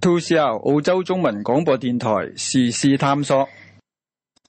TCL o 澳洲中文廣播電台，時事探索。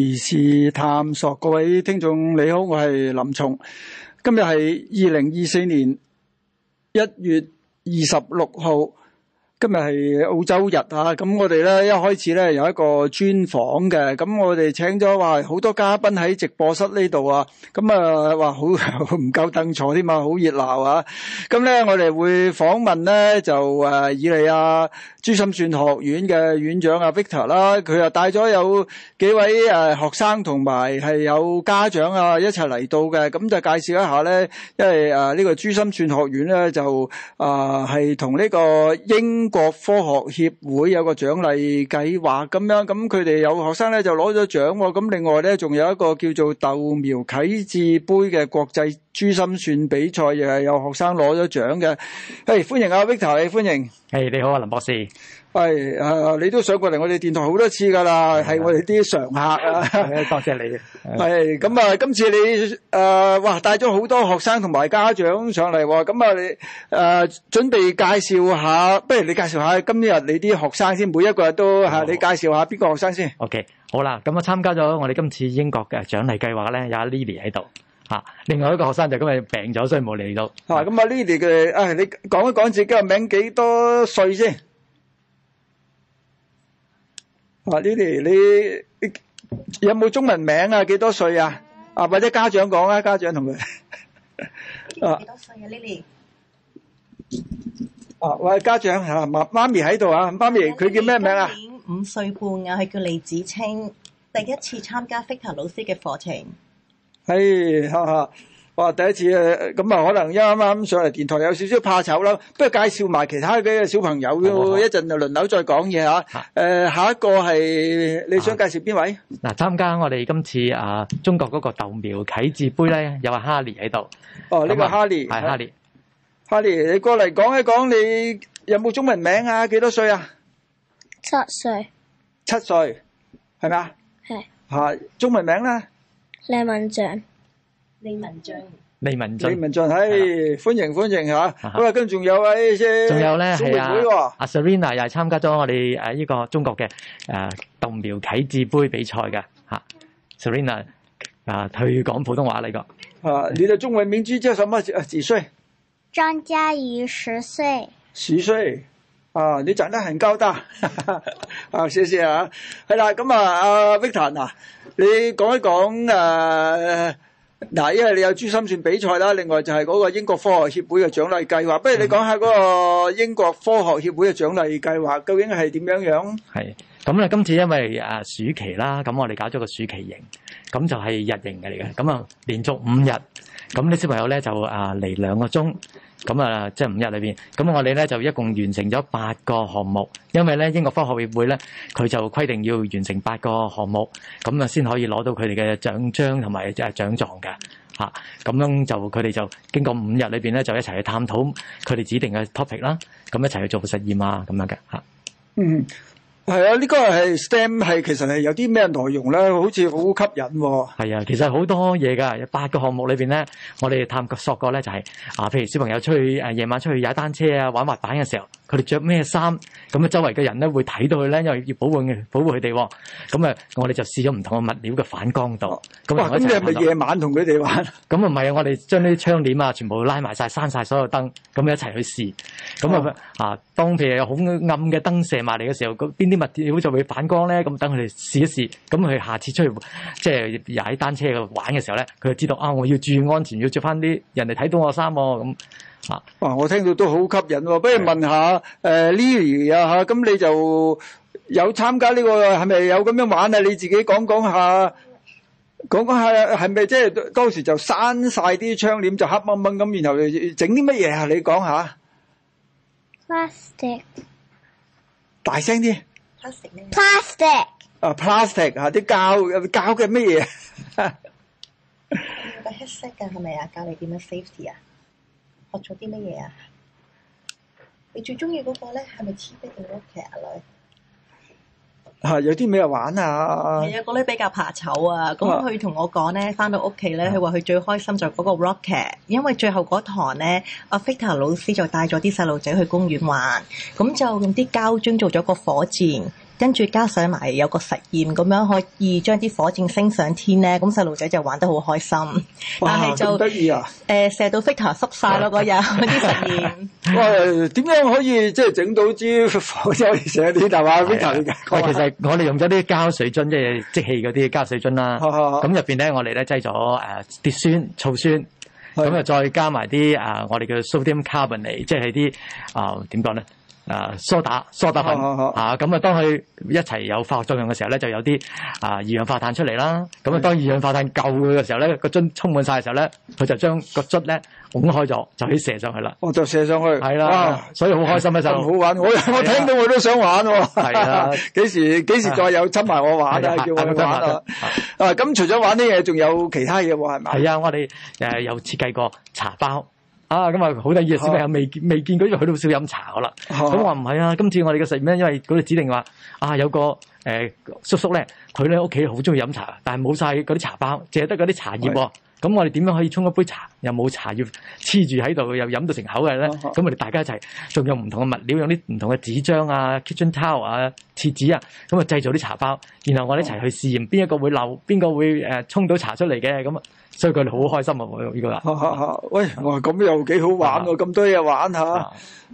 時事探索，各位聽眾你好，我係林松，今日係二零二四年一月二十六號。今日係澳洲日啊！咁我哋咧一開始咧有一個專訪嘅，咁我哋請咗話好多嘉賓喺直播室呢度啊，咁啊話好唔夠凳坐添嘛，好熱鬧啊！咁咧我哋會訪問咧就誒以嚟啊珠心算學院嘅院長啊 Victor 啦，佢又帶咗有幾位誒學生同埋係有家長啊一齊嚟到嘅，咁就介紹一下咧，因為誒呢個珠心算學院咧就啊係同呢個英國科學協會有個獎勵計劃咁樣，咁佢哋有學生咧就攞咗獎喎。咁另外咧，仲有一個叫做豆苗啟智杯嘅國際珠心算比賽，亦係有學生攞咗獎嘅。誒，歡迎阿 Victor，歡迎。誒，你好啊，林博士。係、哎、誒，你都上過嚟我哋電台好多次噶啦，係我哋啲常客啊！多 謝你。係咁啊，今次你誒、呃，哇，帶咗好多學生同埋家長上嚟喎。咁啊，你誒、呃，準備介紹下，不如你介紹下今日你啲學生先，每一個人都吓、哦啊，你介紹下邊個學生先？OK，好啦，咁啊，我參加咗我哋今次英國嘅獎勵計劃咧，有 Lily 喺度吓。另外一個學生就今日病咗，所以冇嚟到。吓、啊，咁啊，Lily 嘅，誒，你講一講自己個名幾多歲先？啊，Lily，你，你有冇中文名啊？幾多歲啊？啊，或者家長講啊，家長同佢、 啊啊哎。啊，幾多歲啊 Lily？啊，喂，家長吓，媽媽咪喺度啊，媽咪佢叫咩名啊？五歲半，啊。係叫李子清，第一次參加菲特老師嘅課程。係、 哎，哈哈。哇！第一次啊，咁啊，可能一啱啱上嚟電台有少少怕醜啦。不如介紹埋其他嘅小朋友，一陣就輪流再講嘢吓。誒，下一個係你想介紹邊位？嗱，參加我哋今次啊，中國嗰個豆苗啟智杯咧，有阿哈利喺度。哦，呢個哈利係哈利，哈利，你過嚟講一講，你有冇中文名啊？幾多歲啊？七歲。七歲，係咪啊？係。吓，中文名咧？李文祥。李文俊，李文俊，李文俊，嘿，啊、歡迎歡迎吓、啊。好啦，跟住仲有位先，仲有咧係啊，阿、啊、Serena 又係參加咗我哋誒呢個中國嘅誒、啊、豆苗啓智杯比賽嘅吓。Serena 啊，退、啊、講普通話嚟、啊、噶，啊，你哋中文名即係什麼？幾幾歲？張嘉怡，十歲。十歲啊，你長得很高大啊，謝謝啊。係啦，咁啊，阿、啊、Victor 嗱，你講一講誒。嗱，因為你有珠心算比賽啦，另外就係嗰個英國科學協會嘅獎勵計劃。不如你講下嗰個英國科學協會嘅獎勵計劃究竟係點樣樣？係，咁咧今次因為誒暑期啦，咁我哋搞咗個暑期營，咁就係日營嘅嚟嘅，咁啊連續五日，咁啲小朋友咧就啊嚟兩個鐘。咁啊，即係五日裏邊，咁我哋咧就一共完成咗八個項目，因為咧英國科學協會咧，佢就規定要完成八個項目，咁啊先可以攞到佢哋嘅獎章同埋誒獎狀嘅吓。咁樣就佢哋就經過五日裏邊咧，就一齊去探討佢哋指定嘅 topic 啦，咁一齊去做個實驗啊，咁樣嘅吓。嗯。係啊，呢、這個係 STEM 係，其實係有啲咩內容咧？好似好吸引、哦。係啊，其實好多嘢噶，有八個項目裏邊咧，我哋探索過咧就係、是、啊，譬如小朋友出去誒，夜、呃、晚出去踩單車啊，玩滑板嘅時候。佢哋着咩衫咁啊？周圍嘅人咧會睇到佢咧，因為要保護保護佢哋。咁啊，我哋就試咗唔同嘅物料嘅反光度。哦、哇！咁你係咪夜晚同佢哋玩？咁啊，唔係啊，我哋將啲窗簾啊，全部拉埋晒、閂晒所有燈，咁一齊去試。咁、哦、啊啊，當譬如有好暗嘅燈射埋嚟嘅時候，邊啲物料就會反光咧？咁等佢哋試一試。咁佢下次出去即係踩單車度玩嘅時候咧，佢就知道啊，我要注意安全，要着翻啲人哋睇到我衫喎咁。嗯。啊！我聽到都好吸引喎，啊，不如問下誒、呃，Lily 啊吓，咁你就有參加呢個係咪有咁樣玩啊？你自己講講下，講講下係咪即係當時就閂晒啲窗簾就黑掹掹咁，然後整啲乜嘢啊？你講下。Plastic，大聲啲。Plastic。啊，plastic 啊，啲膠，膠嘅乜嘢？有個黑色嘅係咪啊？教你點樣 safety 啊？學咗啲乜嘢啊？你最中意嗰個咧，係咪 TVB 嘅 Rocket 啊？女啊，有啲咩玩啊？係、嗯、啊，嗰女比較怕醜啊。咁佢同我講咧，翻到屋企咧，佢話佢最開心就嗰個 rocket，因為最後嗰堂咧，阿、啊、Fita 老師就帶咗啲細路仔去公園玩，咁、啊、就用啲膠樽做咗個火箭。跟住加上埋有個實驗，咁樣可以將啲火箭升上天咧。咁細路仔就玩得好開心。但係就，得意啊！誒、呃，射到飛頭濕曬咯，嗰日嗰啲實驗。哇！點樣可以即係整到支火箭可射天係話飛頭嘅？其實我哋用咗啲膠水樽， 即係積氣嗰啲膠水樽啦。咁 入面咧，我哋咧製咗誒啲酸、醋酸，咁就再加埋啲啊，我哋嘅 sodium carbonate，即係啲啊點講咧？啊，梳打、梳打粉啊，咁啊，啊，啊，當佢一齊有化學作用嘅時候咧，就有啲啊二氧化碳出嚟啦。咁啊，當二氧化碳夠佢嘅時候咧、啊，個樽充滿曬嘅時候咧，佢就將個樽咧拱開咗，就可以射上去啦。我、哦、就射上去。係、啊、啦，所以好開心嘅時候。啊、好玩，我我聽到我都想玩喎。係啦、啊，幾、啊啊、時再有親埋我玩啊，啊，啊？叫我玩咁、啊啊啊啊啊啊、除咗玩呢嘢，仲有其他嘢喎？係咪？係啊，我哋、啊、有設計過茶包。啊，咁、嗯、啊，好得意啊！小朋友未未見過，因為佢都好少飲茶噶啦，咁我唔係、嗯、啊，今次我哋嘅實驗，因為佢哋指定話啊，有個誒、呃、叔叔咧，佢咧屋企好中意飲茶，但係冇晒嗰啲茶包，淨係得嗰啲茶葉。咁、嗯、我哋點樣可以沖一杯茶，又冇茶葉黐住喺度，又飲到成口嘅咧？咁、嗯、我哋大家一齊，仲有唔同嘅物料，有啲唔同嘅紙張啊、kitchen towel 啊、廁紙啊，咁啊製造啲茶包，然後我哋一齊去試驗邊、嗯、一個會漏，邊個會誒沖到茶出嚟嘅咁啊！嗯所以佢哋好開心啊！我呢個啦。喂，我咁又幾好玩喎！咁多嘢玩吓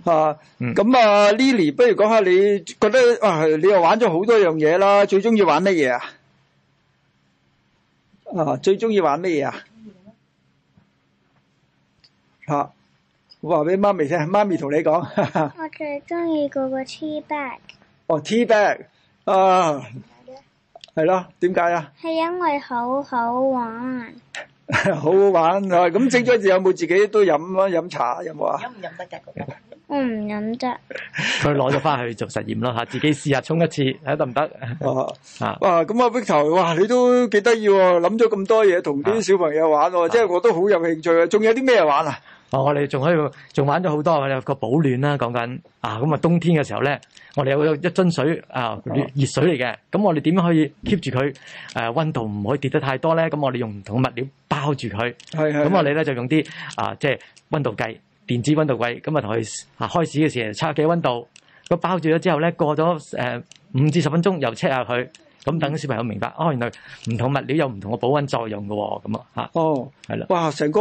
吓，咁啊 Lily，不如講下你覺得哇，你又玩咗好多樣嘢啦，最中意玩乜嘢啊？啊，最中意玩乜嘢啊？吓，我話俾媽咪聽，媽咪同你講。我最中意嗰個 tea bag。哦，tea bag 啊，係咯？點解啊？係因為好好玩。好 好玩啊！咁整咗字有冇自己都飲啊？飲茶有冇啊？飲唔飲得噶？我唔飲啫。佢攞咗翻去做實驗咯吓，自己試下沖一次，睇得唔得？啊 哇！咁啊，Victor 哇，你都幾得意喎！諗咗咁多嘢同啲小朋友玩喎，啊啊，即係我都好有興趣啊！仲有啲咩玩啊？哦，我哋仲可以仲玩咗好多，我哋有個保暖啦，講緊啊，咁啊冬天嘅時候咧，我哋有有一樽水啊，熱水嚟嘅，咁我哋點樣可以 keep 住佢誒温度唔可以跌得太多咧？咁我哋用唔同嘅物料包住佢，咁我哋咧就用啲啊即係温度計，電子温度計，咁啊同佢啊開始嘅時候測下嘅温度，咁包住咗之後咧，過咗誒五至十分鐘又測下佢。咁等小朋友明白，哦，原來唔同物料有唔同嘅保溫作用嘅，咁啊，吓哦，係啦，哇，成個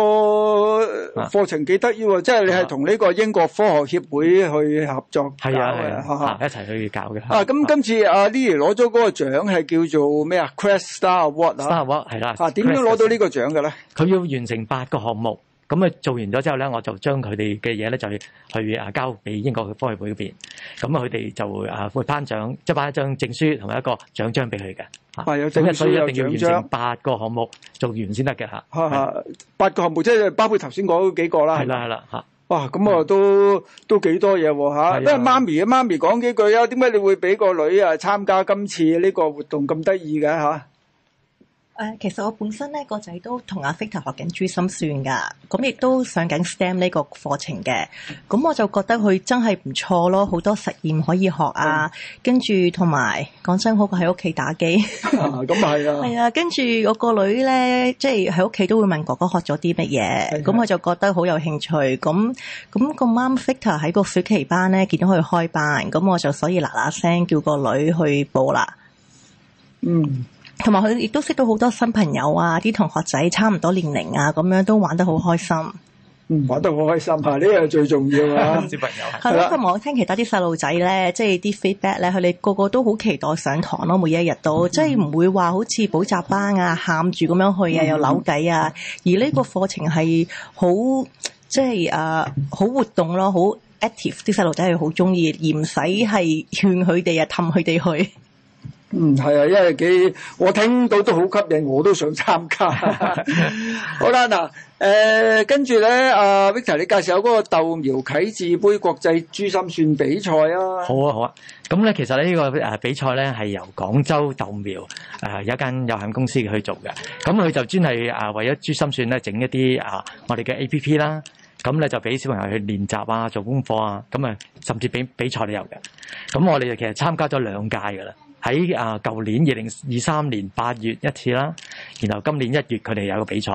課程幾得意喎，即係你係同呢個英國科學協會去合作，係啊，吓一齊去搞嘅。啊，咁今次阿 Lily 攞咗嗰個獎係叫做咩啊？Crest Star Award，Star Award 係啦。啊，點、啊啊、樣攞到個獎呢個獎嘅咧？佢要完成八個項目。咁啊做完咗之後咧，我就將佢哋嘅嘢咧就去啊交俾英國科學會嗰邊。咁啊，佢哋就啊會頒獎，即係頒一張證書同埋一個獎章俾佢嘅。係、啊、有證書。所以一定要完成八個項目，做完先得嘅。八個項目即係包括頭先講幾個啦。係啦係啦。哇！咁我、啊、都都幾多嘢喎。因為媽咪啊，媽咪講幾句啊。點解你會俾個女啊參加今次呢個活動咁得意嘅？誒、uh，其實我本身咧個仔都同阿 Fitter 學緊珠心算噶咁亦都上緊 STEM 呢個課程嘅，咁我就覺得佢真係唔錯咯，好多實驗可以學啊，嗯、跟住同埋講真，好過喺屋企打機。咁係啊，係 啊，跟住我個女咧，即係喺屋企都會問哥哥學咗啲乜嘢，咁我就覺得好有興趣。咁咁、那個 Mum Fitter 喺個暑期班咧見到佢開班，咁我就所以嗱嗱聲叫個女去報啦。嗯。同埋佢亦都識到好多新朋友啊！啲同學仔差唔多年齡啊，咁樣都玩得好開心。嗯，玩得好開心啊！呢樣最重要啊，小朋友。係咯，同埋我聽其他啲細路仔咧，即係啲 feedback 咧，佢哋個個都好期待上堂咯，每一日都、mm -hmm。即係唔會話好似補習班啊喊住咁樣去啊，又扭計啊。而呢個課程係好即係誒好活動咯，好 active，啲細路仔係好中意，而唔使係勸佢哋啊，氹佢哋去。嗯，係啊，因為幾，我聽到都好吸引，我都想參加呵呵 好。好啦，嗱，誒，跟住咧，Victor，你介紹下嗰個豆苗啟智杯國際珠心算比賽啊。好啊，好啊，咁咧，其實咧呢個誒比賽咧係由廣州豆苗誒有一間有限公司去做嘅，咁佢就專係誒為咗珠心算咧整一啲啊，我哋嘅 A P P 啦，咁咧就俾小朋友去練習啊，做功課啊，咁啊甚至畀比賽都有嘅。咁我哋就其實參加咗兩屆噶啦。喺啊，舊年二零二三年八月一次啦，然後今年一月佢哋有個比賽，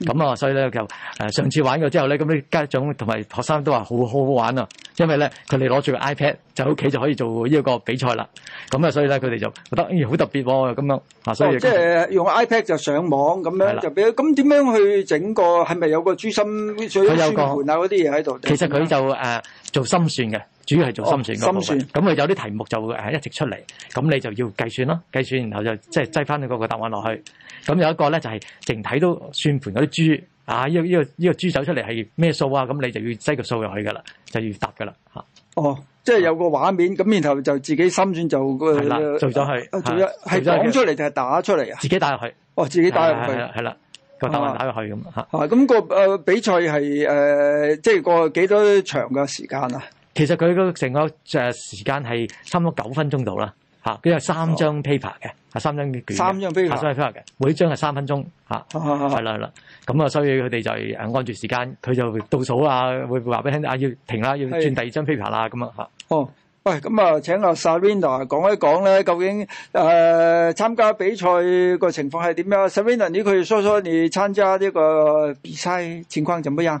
咁啊，所以咧就誒上次玩過之後咧，咁啲家長同埋學生都話好好好玩啊，因為咧佢哋攞住個 iPad 就喺屋企就可以做呢個比賽啦，咁啊，所以咧佢哋就覺得咦好特別喎，咁樣啊，所以即係用 iPad 就上網咁樣，就俾咁點樣去整個係咪有個珠心算書盤啊嗰啲嘢喺度？其實佢就誒做心算嘅。主要係做心算嗰部分，咁佢、哦、有啲題目就誒一直出嚟，咁你就要計算咯，計算然後就即係擠翻你嗰個答案落去。咁有一個咧就係淨睇都算盤嗰啲珠，啊，依、這個依、這個依、這個珠走出嚟係咩數啊？咁你就要擠個數入去噶啦，就要答噶啦吓。哦，即係有個畫面，咁、啊、然後就自己心算就誒做咗去，係、啊、講出嚟就係打出嚟啊？自己打入去。哦，自己打入去，係啦，係啦、啊，個答案打入去咁啊。咁、那個誒比賽係誒、呃、即係個幾多長嘅時間啊？其實佢個成個誒時間係差唔多九分鐘度啦，嚇佢有三張 paper 嘅，啊三張嘅卷，三張 paper，三張 paper 嘅，每張係三分鐘，嚇，係啦係啦，咁啊，所以佢哋就誒按住時間，佢就倒數啦，會話俾聽，啊要停啦，要轉第二張 paper 啦，咁啊嚇。哦，喂，咁啊請阿 Sarinda 講一講咧，究竟誒參加比賽個情況係點樣？Sarinda，你可以講一講你參加呢個比賽情況點樣？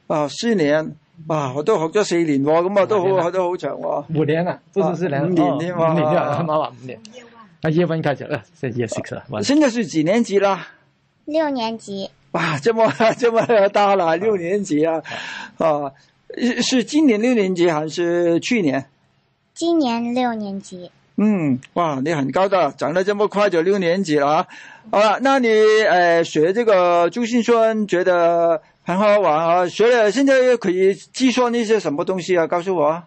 啊、哦，四年，哇，我都學咗四年，咁啊都好，都好長喎、哦啊。五年啊，不是四年、啊哦。五年添嘛、哦。五年啊，唔好話五年。啊，月份太長啦，真係死晒。現在是幾年級啦？六年級。哇，這麼這麼大啦、啊，六年級啊，啊，啊，是今年六年級還是去年？今年六年級。嗯，哇，你很高噶，長得這麼快就六年級啦、啊，啊，那你誒、呃、學這個珠心算覺得？很好啊！所以先知佢要支算呢些什麼東西啊？告訴我啊！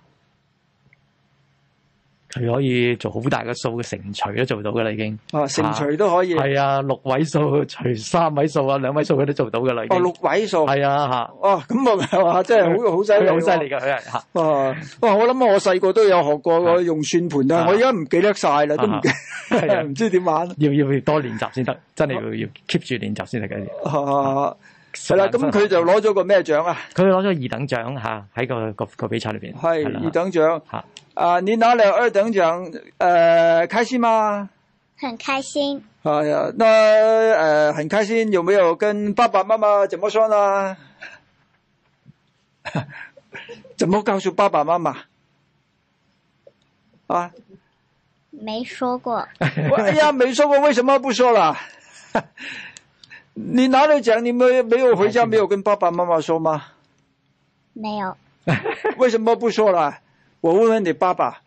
佢可以做好大嘅數成除都做到噶啦，已經啊，成除都可以。係啊，六位數除三位數啊，兩位數佢都做到噶啦。哦，六位數係啊，吓哦，咁啊，真係好好犀利，好犀利噶佢係吓。我諗我細個都有學過、啊、用算盤啊，我而家唔記得晒啦，都唔記，唔、啊啊、知點玩。啊、要要多練習先得，真係要、啊、要 keep 住練習先得㗎。啊啊係啦，咁佢就攞咗個咩獎啊？佢攞咗二等獎吓，喺個個個比賽裏邊。係二等獎吓，啊你拿了二等獎，誒、啊啊啊呃、開心嗎？很開心。啊呀，那誒、呃、很開心，有沒有跟爸爸媽媽怎麼說呢？ 怎麼告訴爸爸媽媽啊？沒說過。 哎呀，沒說過，為什麼不說啦 你拿了獎，你沒沒有回家，沒有跟爸爸媽媽說嗎？沒有。 為什麼不說啦？我問問你爸爸。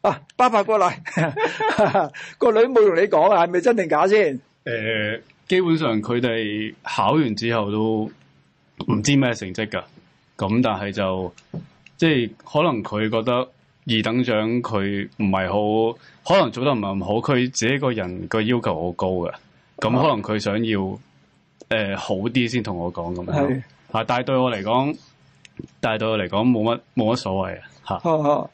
啊，爸爸過嚟， 個女冇同你講啊，係咪真定假先？誒、呃，基本上佢哋考完之後都唔知咩成績噶。咁但係就即係、就是、可能佢覺得二等獎佢唔係好，可能做得唔係咁好。佢自己個人個要求好高噶，咁可能佢想要。誒、呃，好啲先同我講咁樣，係，但係對我嚟講，但係對我嚟講冇乜冇乜所謂啊，吓、啊，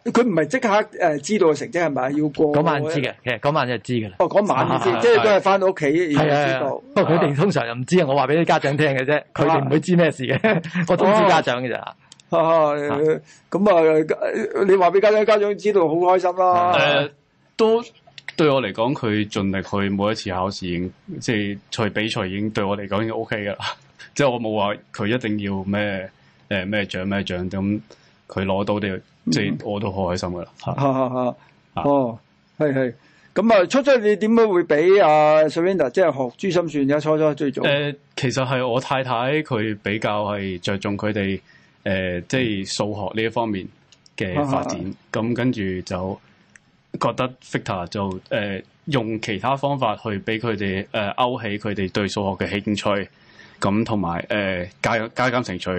吓，佢唔係即刻誒知道成績係咪，要過嗰晚知嘅。其實嗰晚就知噶啦，哦，嗰晚先，即係都係翻到屋企知道，不過佢哋通常又唔知啊，我話俾啲家長聽嘅啫，佢哋唔會知咩事嘅，啊、 我通知家長嘅咋，咁啊，啊，啊，啊，啊，你話俾家長家長知道好開心啦、啊，誒、嗯嗯呃，都。對我嚟講，佢盡力去每一次考試，即係賽比賽已經對我嚟講已經 OK 噶啦。即係我冇話佢一定要咩誒咩獎咩獎，咁佢攞到啲，即、嗯、係我都好開心噶啦。吓哈吓！哦，係係。咁啊，初初你點解會俾阿 Sarinda 即係學珠心算而家初初最重要誒、呃，其實係我太太佢比較係着重佢哋誒，即係數學呢一方面嘅發展。咁跟住就。覺得 Victor 就、呃、用其他方法去俾佢哋誒勾起佢哋對數學嘅興趣，咁同埋誒加加減乘除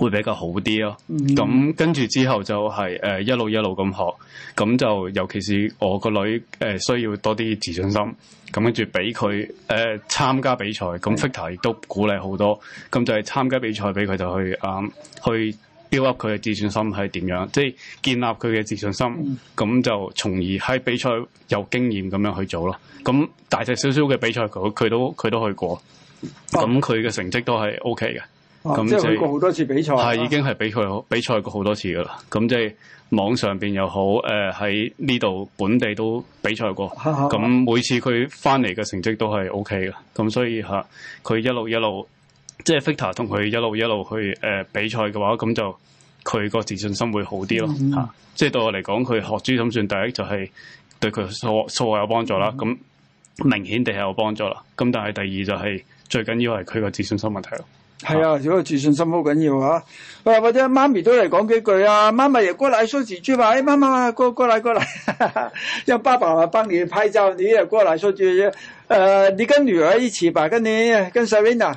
會比較好啲咯、哦。咁、嗯、跟住之後就係、是呃、一路一路咁學，咁就尤其是我個女、呃、需要多啲自信心，咁、嗯、跟住俾佢誒參加比賽，咁 Victor 亦都鼓勵好多，咁就係參加比賽俾佢就去啊、呃、去。Build up 佢嘅自信心係點樣？即、就、係、是、建立佢嘅自信心，咁、嗯、就從而喺比賽有經驗咁樣去做咯。咁大隻少少嘅比賽，佢佢都佢都去過，咁佢嘅成績都係 O K 嘅。咁、啊就是啊、即係去過好多次比賽係已經係比，比賽比過好多次噶啦。咁即係網上面又好，誒喺呢度本地都比賽過。咁每次佢翻嚟嘅成績都係 O K 嘅。咁所以佢、啊、一路一路。即係 Fitter 同佢一路一路去誒、呃、比賽嘅話，咁就佢個自信心會好啲咯吓、嗯啊。即係對我嚟講，佢學珠心算第一就係、是、對佢數數學有幫助啦。咁、嗯、明顯地係有幫助啦。咁但係第二就係、是、最緊要係佢個自信心問題咯。係啊，如、啊、果自信心好緊要啊，啊。或者媽咪都嚟講幾句啊，媽媽過嚟說字豬吧，誒媽媽過過嚟過嚟，有 爸爸幫你拍照，你也過嚟說字。誒、呃，你跟女兒一起吧，跟你跟 Serena。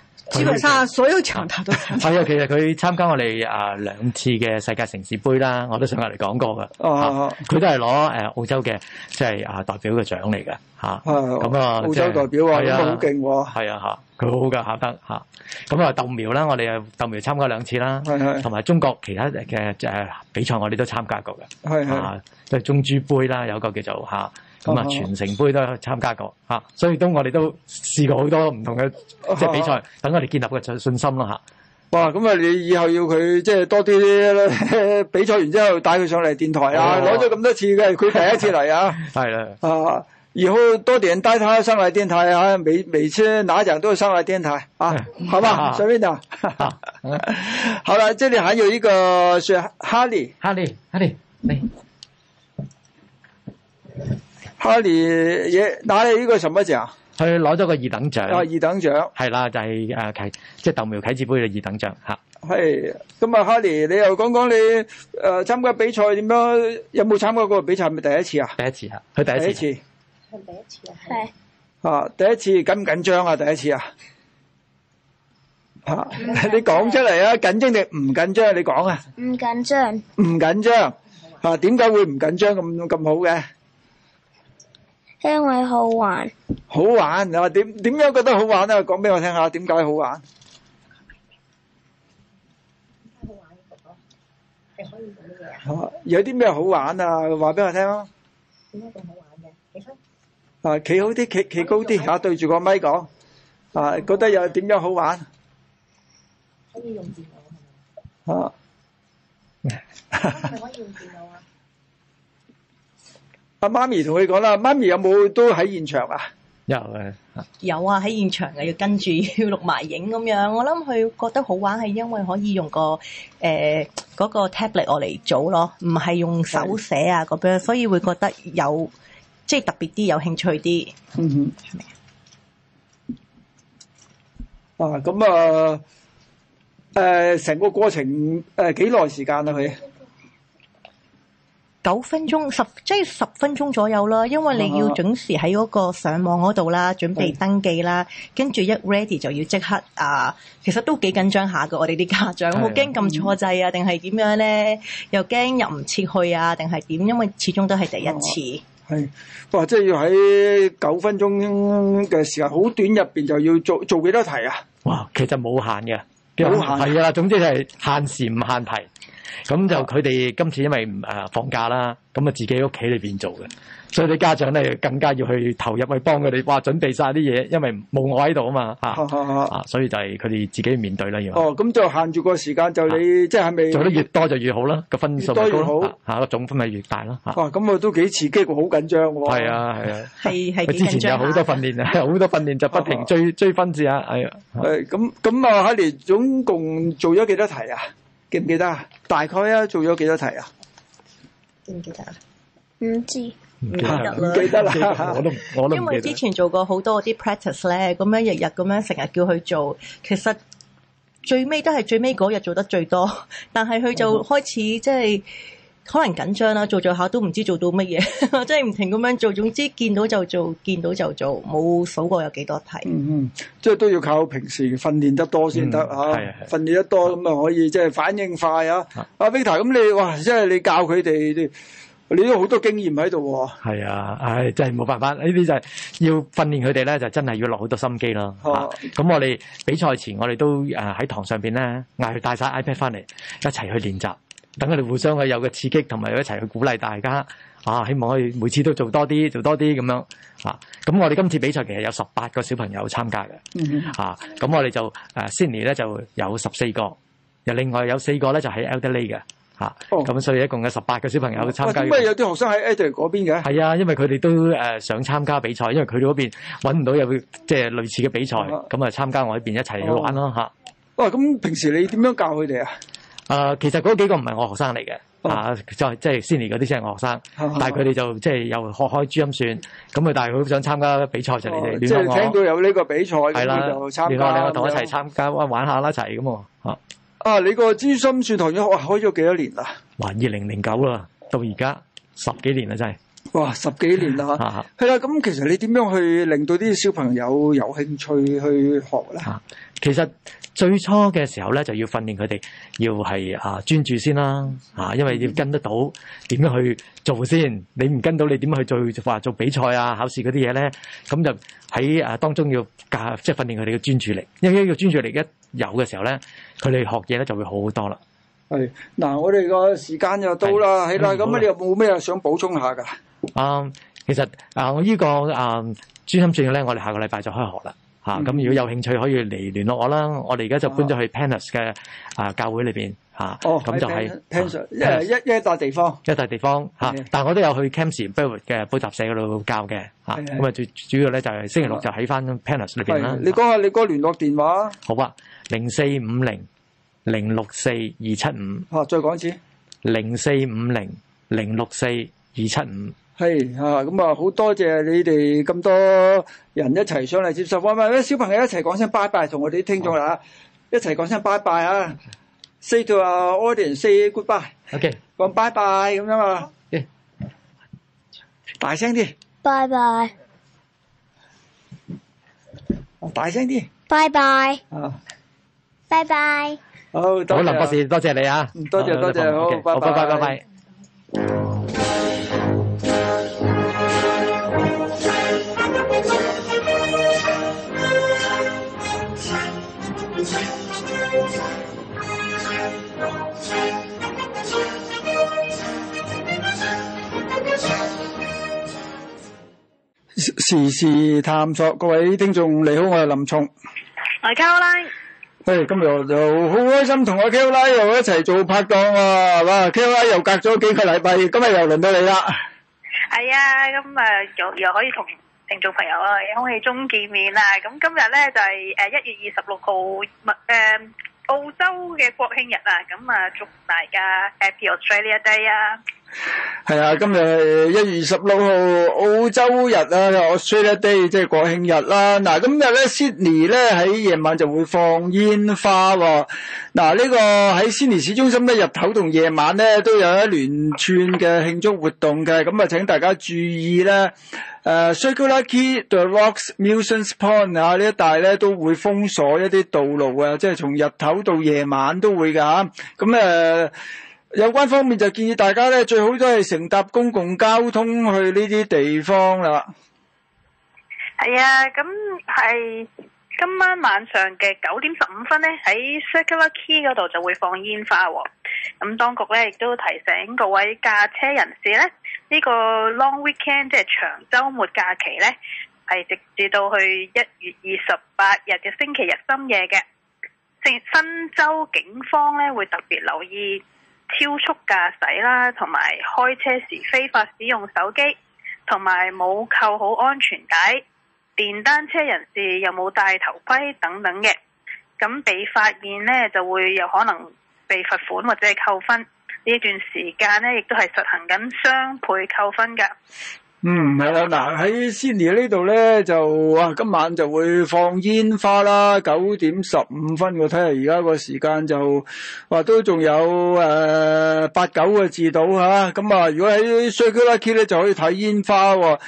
基本上所有獎他都有。係啊，其實佢參加我哋啊兩次嘅世界城市杯啦，我也上來過的，啊啊，都上隔嚟講過噶。哦，佢都係攞誒澳洲嘅即係啊代表嘅獎嚟嘅嚇。係，啊啊，澳洲代表，就是，啊，咁啊好勁喎。啊嚇，佢好好㗎嚇得嚇。咁啊豆苗啦，我哋啊豆苗參加兩次啦。同埋中國其他嘅誒比賽，我哋都參加過嘅。係係，啊。即係，中珠杯啦，有一個叫做嚇。啊咁啊，全城杯都參加過，吓、啊，所以我都試、啊、我哋都試過好多唔同嘅即係比賽，等我哋建立個信心啦吓。哇，咁啊，你以後要佢即係多啲啲比賽完之後，帶佢上嚟電台啊，攞咗咁多次嘅，佢第一次嚟啊。係、啊、啦、啊。啊，以後多啲帶他上嚟電台啊，每每次拿獎都上嚟電台啊，好嘛，隨便啦。好啦，即你還有呢個說哈利，哈利，哈利嚟。Harry 嘢，拿你呢個什麼獎、啊？佢攞咗個二等獎。啊，二等獎係啦，就係誒啟即豆苗啟智杯嘅二等獎吓。係咁啊 Harry 你又講講你誒參、呃、加比賽點樣？有冇參加過比賽？咪第一次啊？第一次啊，佢第一次。第一次係第一次啊，係啊，第一次緊唔緊張啊？第一次啊？吓、啊，你講出嚟啊！緊張定唔緊張？你講啊！唔緊張。唔緊張啊？點解會唔緊張咁咁好嘅？聽佢好玩，好玩又點點樣覺得好玩咧？講俾我聽下，點解好玩？好玩，係可以做乜嘢啊？係啊，有啲咩好玩啊？話俾我聽咯。點樣更好玩嘅？起身。啊，企好啲，企企高啲，吓對住個咪講。啊，覺得又點樣好玩？可以用電腦係咪？啊。阿媽咪同佢講啦，媽咪有冇都喺現場啊？有啊，有啊，喺現場啊，要跟住要錄埋影咁樣。我諗佢覺得好玩，係因為可以用個誒嗰、呃那個 tablet 我嚟做咯，唔係用手寫啊咁樣、那個，所以會覺得有即係特別啲，有興趣啲。嗯哼，係咪啊，咁、呃、啊，誒，成個過程誒幾耐時間啊？佢、呃？九分鐘十即係十分鐘左右啦，因為你要準時喺嗰個上網嗰度啦，準備登記啦，跟住一 ready 就要即刻啊！其實都幾緊張下㗎。我哋啲家長，好驚撳錯掣啊，定係點樣咧？又驚入唔切去啊，定係點？因為始終都係第一次。係哇！即係要喺九分鐘嘅時間，好短入面，就要做做幾多題啊？哇！其實冇限嘅，冇限嘅啦。總之係限時唔限題。咁就佢哋今次因為誒放假啦，咁啊自己屋 ATT1 企持人裏邊做嘅，所以啲家長咧更加要去投入去幫佢哋，哇，準備晒啲嘢，因為冇我喺度啊嘛，吓所以就係佢哋自己面對啦要、啊。哦，咁就限住個時間就你，即係係咪做得越多就越好啦？個分數都好吓，個、嗯、總分咪越、啊、越大啦。吓、啊。咁啊都幾刺激，好緊張喎。係啊係啊，係係、啊。佢之前有好多訓練啊，好 多訓練就不停追、啊、哈哈追分數啊，哎呀，咁咁啊，下年總共做咗幾多題啊？記唔記得啊？大概啊，做咗幾多題啊？記唔記得啊？唔知唔記得啦， 我都我都記得因為之前做過好多啲 practice 咧，咁樣日日咁樣成日叫佢做，其實最尾都係最尾嗰日做得最多，但係佢就開始、嗯、即係。可能緊張啦，做做下都唔知做到乜嘢，即係唔停咁樣做。總之見到就做，見到就做，冇數過有幾多題。嗯嗯，即係都要靠平時訓練得多先得、嗯、訓練得多咁啊，樣可以即係、就是、反應快啊。阿 Vita，咁你哇，即係你教佢哋，你都好多經驗喺度喎。係啊，唉、哎，真係冇辦法，呢啲就係要訓練佢哋咧，就真係要落好多心機咯。咁、啊、我哋比賽前我，我哋都喺堂上面咧嗌佢帶晒 iPad 翻嚟，一齊去練習。等佢哋互相去有個刺激，同埋一齊去鼓勵大家。啊，希望可以每次都做多啲，做多啲咁樣。啊，咁我哋今次比賽其實有十八個小朋友參加嘅。嗯、啊、咁我哋就 Sydney 呢咧就有十四個，又另外有四個咧就喺、是、Eldey 嘅。嚇、啊。咁、哦啊、所以一共有十八個小朋友參加。咁有啲學生喺 Eldey 嗰邊嘅？係啊，因為佢哋都、呃、想參加比賽，因為佢哋嗰邊揾唔到有即係類似嘅比賽，咁啊，啊就參加我呢邊一齊去玩咯吓，喂、哦，咁、啊啊啊、平時你點樣教佢哋啊？誒、呃，其實嗰幾個唔係我學生嚟嘅、哦，啊，就即係、哦、即係先嚟嗰啲先係我學生，哦、但係佢哋就即係又學開珠心算，咁佢但係佢想參加比賽、哦、就你哋，即係聽到有呢個比賽，係、啊、啦，參加啦，啊、兩個同一齊參加、啊、玩下啦，一齊咁啊，啊，你個珠心算同要學開咗幾多年啦？嗱，二零零九啦，到而家十幾年啦，真係，哇，十幾年啦，啊，係啦、啊，咁其實你點樣去令到啲小朋友有興趣去學咧、啊？其實。最初嘅時候咧，就要訓練佢哋要係啊專注先啦、啊，因為要跟得到點樣去做先，你唔跟到，你點樣去做話做比賽啊、考試嗰啲嘢咧？咁就喺啊當中要教，即係訓練佢哋嘅專注力。因為一個專注力一有嘅時候咧，佢哋學嘢咧就會好好多啦。係嗱、啊，我哋個時間又到啦，係啦，咁啊，你有冇咩想補充下噶、嗯？啊，其實啊，我呢個啊專心專意咧，我哋下個禮拜就開學啦。嚇、嗯！咁如果有興趣可以嚟聯絡我啦。我哋而家就搬咗去 Penis 嘅啊教會裏邊嚇。哦，咁就係、是、Penis，、uh, 一一,一笪地方。一笪地方嚇、啊，但係我都有去 Campsie 嘅補習社嗰度教嘅嚇。咁啊，最主要咧就係星期六就喺返 Penis 裏邊啦。你講下你個聯絡電話。好啊，零四五零零六四二七五。啊，再講一次，零四五零零六四二七五。係啊，咁啊好多謝你哋咁多人一齊上嚟接受啊！喂喂，小朋友一齊講聲拜拜，同我哋啲聽眾啊，一齊講聲拜拜啊！Say to our audience, say goodbye。OK，講拜拜咁樣啊！大聲啲，拜拜。大聲啲，拜拜。啊，拜拜。好，林博士，多謝你啊！多謝多謝，好，拜拜拜拜。時事探索，各位聽眾，你好，我係林聰。我係 Koila，誒，今日我就好開心同阿 Koila 又一齊做拍檔啊！哇，Koila 又隔咗幾個禮拜，今日又輪到你啦。係啊，咁啊又又可以同聽眾朋友啊喺空氣中見面啦。咁今日咧就係誒一月二十六號，誒澳洲嘅國慶日啊！咁啊祝大家 Happy Australia Day 啊！係啊，今日一月二十六號澳洲日啊，Australia Day 即係國慶日啦。嗱、啊，今日咧 Sydney 咧喺夜晚就會放煙花、哦。嗱、啊，呢、這個喺 Sydney 市中心咧，日頭同夜晚咧都有一連串嘅慶祝活動嘅。咁啊，請大家注意咧，誒，Circular Quay The Rocks、Museum Square 啊，一帶呢一帶咧都會封鎖一啲道路啊，即係從日頭到夜晚都會噶。咁、啊、誒。啊有關方面就建議大家咧，最好都係乘搭公共交通去呢啲地方啦。係啊，咁係今晚晚上嘅九點十五分呢，喺 Circular Quay 嗰度就會放煙花、哦。咁當局咧亦都提醒各位駕車人士呢，呢、呢個 Long Weekend 即係長周末假期呢，係直至到去一月二十八日嘅星期日深夜嘅。新新州警方咧會特別留意。超速駕駛啦，同埋開車時非法使用手機，同埋冇扣好安全帶，電單車人士又冇戴頭盔等等嘅，咁被發現呢，就會有可能被罰款或者係扣分。呢段時間呢，亦都係實行緊雙倍扣分噶。嗯，係、啊、啦，嗱喺 Sydney 呢度咧就啊，今晚就會放煙花啦，九點十五分我睇下而家個時間就話都仲有誒八九個字到吓，咁啊，啊如果喺 Circular Quay 咧就可以睇煙花喎，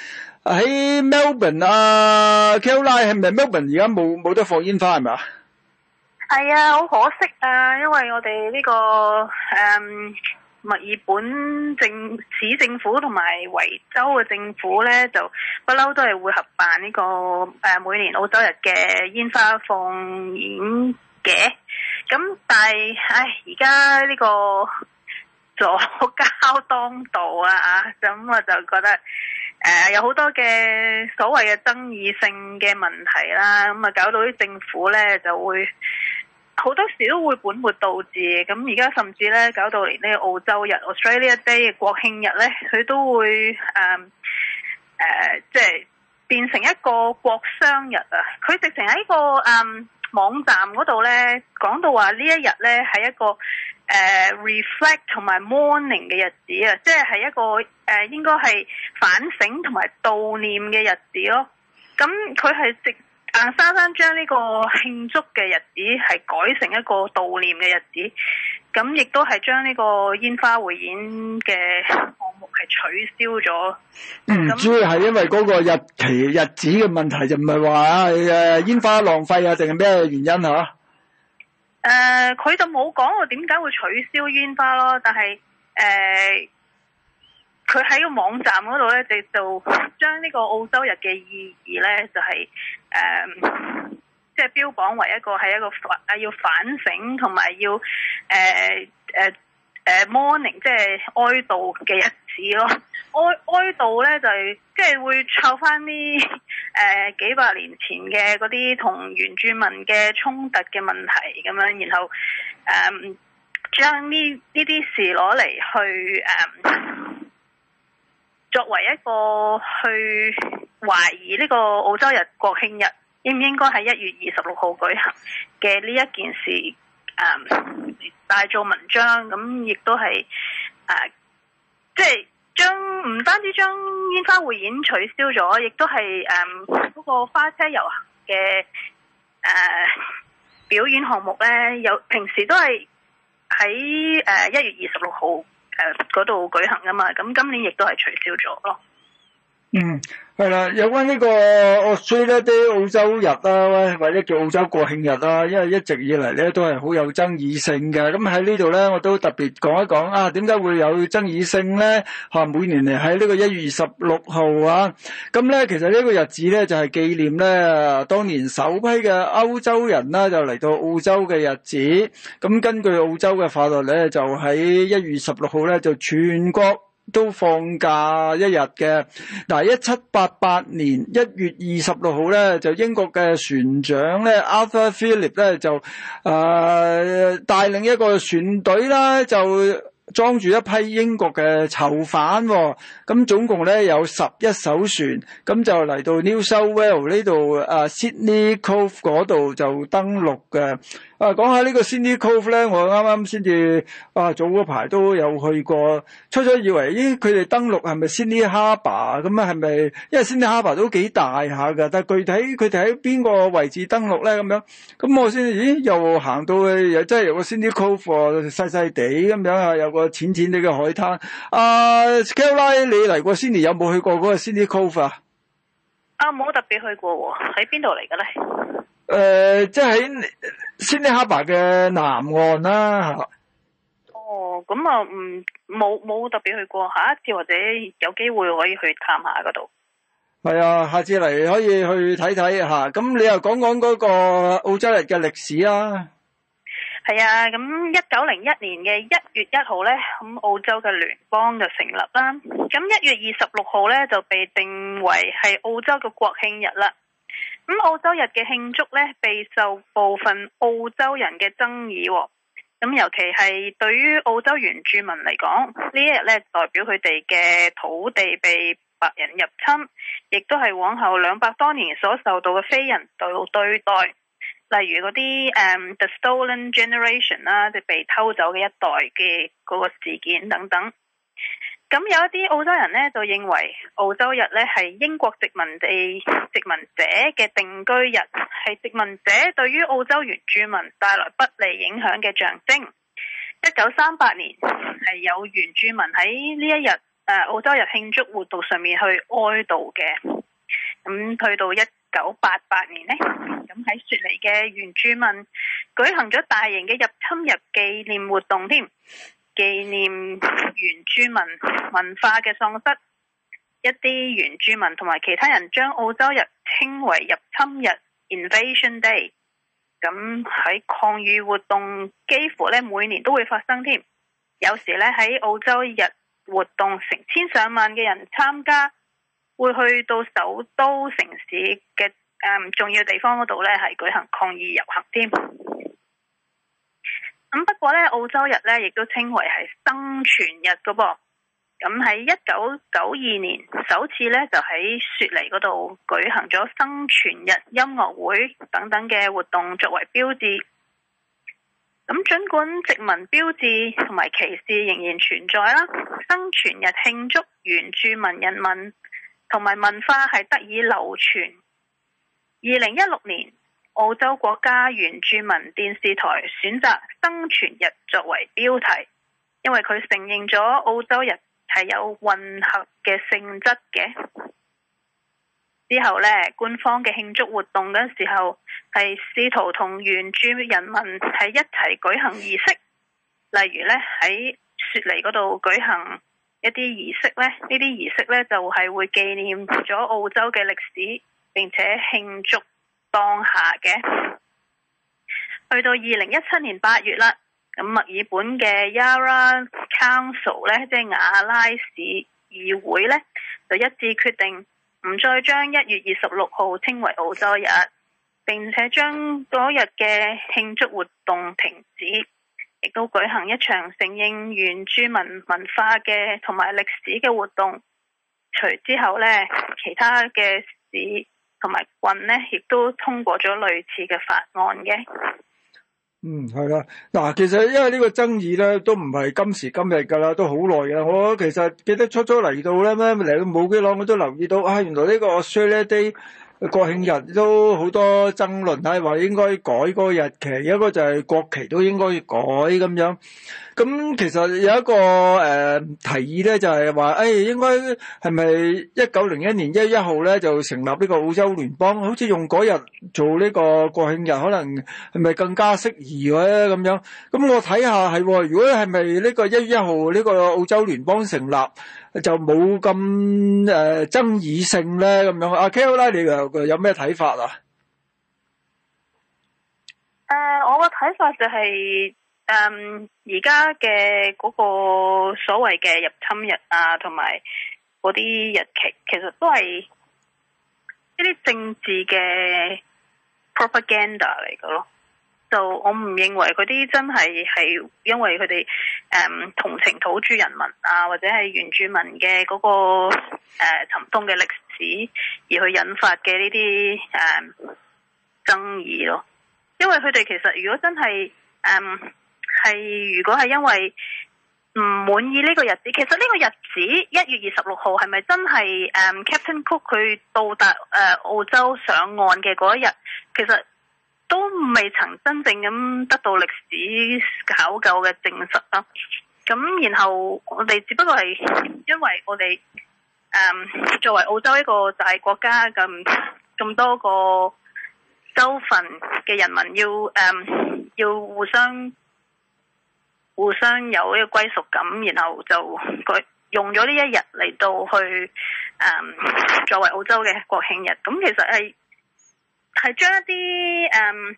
喺、啊、Melbourne 啊 k l i 係咪 Melbourne？而家冇冇得放煙花係嘛？係啊，好可惜啊，因為我哋呢、這個誒。嗯墨爾本政市政府同埋維州嘅政府咧，就不嬲都係會合辦呢個誒每年澳洲日嘅煙花匯演嘅。咁但係，唉，而家呢個左膠當道啊，啊，咁我就覺得誒、呃、有好多嘅所謂嘅爭議性嘅問題啦。咁啊搞到啲政府咧就會。好多時都會本末倒置，咁而家甚至咧搞到嚟呢澳洲日 （Australia Day） 國慶日咧，佢都會誒誒、呃呃，即係變成一個國殤日啊！佢直情喺個誒、呃、網站嗰度咧講到話呢一日咧係一個、呃、reflect 同埋 mourning 嘅日子啊，即係係一個誒、呃、應該係反省同埋悼念嘅日子咯。咁佢係直。啊！生生將呢個慶祝嘅日子係改成一個悼念嘅日子，咁亦都係將呢個煙花匯演嘅項目係取消咗。嗯，主要係因為嗰個日期日子嘅問題就，就唔係話煙花浪費啊，定係咩原因嗬、啊？誒、呃，佢就冇講過點解會取消煙花咯，但係誒。呃佢喺個網站嗰度咧，就將呢個澳洲日嘅意義咧，就係、是、誒，即、嗯、係、就是、標榜為一個係一個反要反省同埋要誒誒誒 mourning，即係哀悼嘅日子咯。哀哀悼咧就係即係會湊翻啲誒幾百年前嘅嗰啲同原住民嘅衝突嘅問題咁樣，然後誒、嗯、將呢呢啲事攞嚟去誒。嗯作為一個去懷疑呢個澳洲日國慶日應唔應該喺一月二十六號舉行嘅呢一件事，誒、嗯、大做文章，咁、嗯、亦都係誒、呃、即係將唔單止將煙花匯演取消咗，亦都係誒嗰個花車遊行嘅誒、呃、表演項目咧，有平時都係喺誒一月二十六號。誒嗰度舉行噶嘛，咁今年亦都係取消咗咯。嗯，係啦，有關呢、這個 Australia Day 澳洲日啊，或者叫澳洲國慶日啊，因為一直以嚟咧都係好有爭議性嘅。咁喺呢度咧，我都特別講一講啊，點解會有爭議性咧？吓、啊，每年嚟喺呢個一月二十六號啊，咁咧，其實呢個日子咧就係、是、紀念咧當年首批嘅歐洲人啦，就嚟到澳洲嘅日子。咁根據澳洲嘅法律咧，就喺一月二十六號咧就全國。都放假一、啊、日嘅嗱，一七八八年一月二十六號咧，就英國嘅船長咧，Arthur Phillip 咧就誒帶、呃、領一個船隊啦，就裝住一批英國嘅囚犯、哦，咁總共咧有十一艘船，咁就嚟到 New South Wales 呢度誒 Sydney Cove 嗰度就登陸嘅。啊，講下個呢個 Sydney Cove 咧，我啱啱先至啊，早嗰排都有去過，初初以為咦，佢哋登陸係咪 Sydney Harbour 咁啊？係咪？因為 Sydney Harbour 都幾大下噶，但係具體佢哋喺邊個位置登陸咧？咁樣，咁我先咦，又行到去又真係有個 Sydney Cove，細細地咁樣啊，有個淺淺啲嘅海灘。啊 Skyline 你嚟過 Sydney 有冇去過嗰個 Sydney Cove 啊？啊，冇特別去過喎、哦，喺邊度嚟嘅咧？誒、呃，即係仙尼哈巴嘅南岸啦。哦，咁啊，唔冇冇特別去過吓，下次或者有機會可以去探下嗰度。係啊，下次嚟，可以去睇睇吓。咁你又講講嗰個澳洲日嘅歷史啊？係啊，咁一九零一年嘅一月一號咧，咁澳洲嘅聯邦就成立啦。咁一月二十六號咧，就被定為係澳洲嘅國慶日啦。澳洲日嘅慶祝呢，備受部分澳洲人嘅爭議。咁尤其係對於澳洲原住民嚟講，呢一日呢代表，佢哋嘅土地被白人入侵，亦都係往後兩百多年所受到嘅非人對對待，例如嗰啲誒 The Stolen Generation 啦，即係被偷走嘅一代嘅嗰個事件等等。咁有一啲澳洲人呢，就認為澳洲日呢係英國殖民地殖民者嘅定居日，係殖民者對於澳洲原住民帶來不利影響嘅象徵。一九三八年係有原住民喺呢一日誒、啊、澳洲日慶祝活動上面去哀悼嘅。咁去到一九八八年呢，咁喺雪梨嘅原住民舉行咗大型嘅入侵日紀念活動添。紀念原住民文化嘅喪失，一啲原住民同埋其他人將澳洲日稱為入侵日 （Invasion Day）。咁喺抗議活動幾乎咧每年都會發生添，有時咧喺澳洲日活動成千上萬嘅人參加，會去到首都城市嘅誒、嗯、重要地方嗰度咧係舉行抗議遊行添。咁不過咧，澳洲日咧亦都稱為係生存日噶噃。咁喺一九九二年，首次咧就喺雪梨嗰度舉行咗生存日音樂會等等嘅活動作為標誌。咁盡管殖民標誌同埋歧視仍然存在啦，生存日慶祝原住民人民同埋文化係得以流傳。二零一六年。澳洲國家原住民電視台選擇生存日作為標題，因為佢承認咗澳洲人係有混合嘅性質嘅。之後呢，官方嘅慶祝活動嗰時候係試圖同原住民人民喺一齊舉行儀式，例如呢，喺雪梨嗰度舉行一啲儀式呢，呢啲儀式呢，就係會紀念咗澳洲嘅歷史，並且慶祝。當下嘅，去到二零一七年八月啦，咁墨爾本嘅 Yarra Council 咧，即係亞拉市議會咧，就一致決定唔再將一月二十六號稱為澳洲日，並且將嗰日嘅慶祝活動停止，亦都舉行一場承認原住民文化嘅同埋歷史嘅活動。除之後呢，其他嘅市。同埋郡咧，亦都通過咗類似嘅法案嘅。嗯，係啦。嗱，其實因為呢個爭議咧，都唔係今時今日㗎啦，都好耐嘅。我其實記得初初嚟到咧，咩嚟到冇幾耐，我都留意到啊，原來呢個 Australia Day。國慶日都好多爭論啦，話應該改嗰個日期，一個就係國旗都應該要改咁樣。咁其實有一個誒提議咧，就係話誒應該係咪一九零一年一月一號咧就成立呢個澳洲聯邦，好似用嗰日做呢個國慶日，可能係咪更加適宜咧咁樣？咁我睇下係，如果係咪呢個一月一號呢個澳洲聯邦成立？就冇咁誒爭議性咧咁樣，阿 Kel 啦，你又有咩睇法啊？Uh, 我個睇法就係、是，嗯，而家嘅嗰個所謂嘅入侵日啊，同埋嗰啲日劇，其實都係一啲政治嘅 propaganda 嚟㗎咯。就我唔認為佢啲真係係因為佢哋誒同情土著人民啊，或者係原住民嘅嗰、嗰個誒、呃、沉痛嘅歷史而去引發嘅呢啲誒爭議咯。因為佢哋其實如果真係誒係如果係因為唔滿意呢個日子，其實呢個日子一月二十六號係咪真係誒、嗯、Captain Cook 佢到達誒、呃、澳洲上岸嘅嗰一日？其實。都未曾真正咁得到歷史考究嘅證實啊！咁然後我哋只不過係因為我哋、嗯、作為澳洲一個大國家咁咁多個州份嘅人民要、嗯、要互相互相有一個歸屬感，然後就用咗呢一日嚟到去、嗯、作為澳洲嘅國慶日。咁其實係。係將一啲誒、嗯，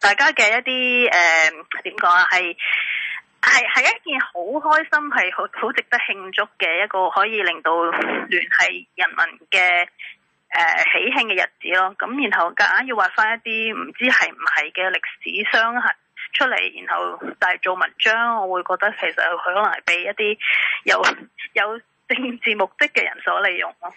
大家嘅一啲誒，點講啊？係係係一件好開心，係好好值得慶祝嘅一個，可以令到聯繫人民嘅誒喜慶嘅日子咯。咁然後夾硬要畫翻一啲唔知係唔係嘅歷史傷痕出嚟，然後大做文章，我會覺得其實佢可能係畀一啲有有政治目的嘅人所利用咯。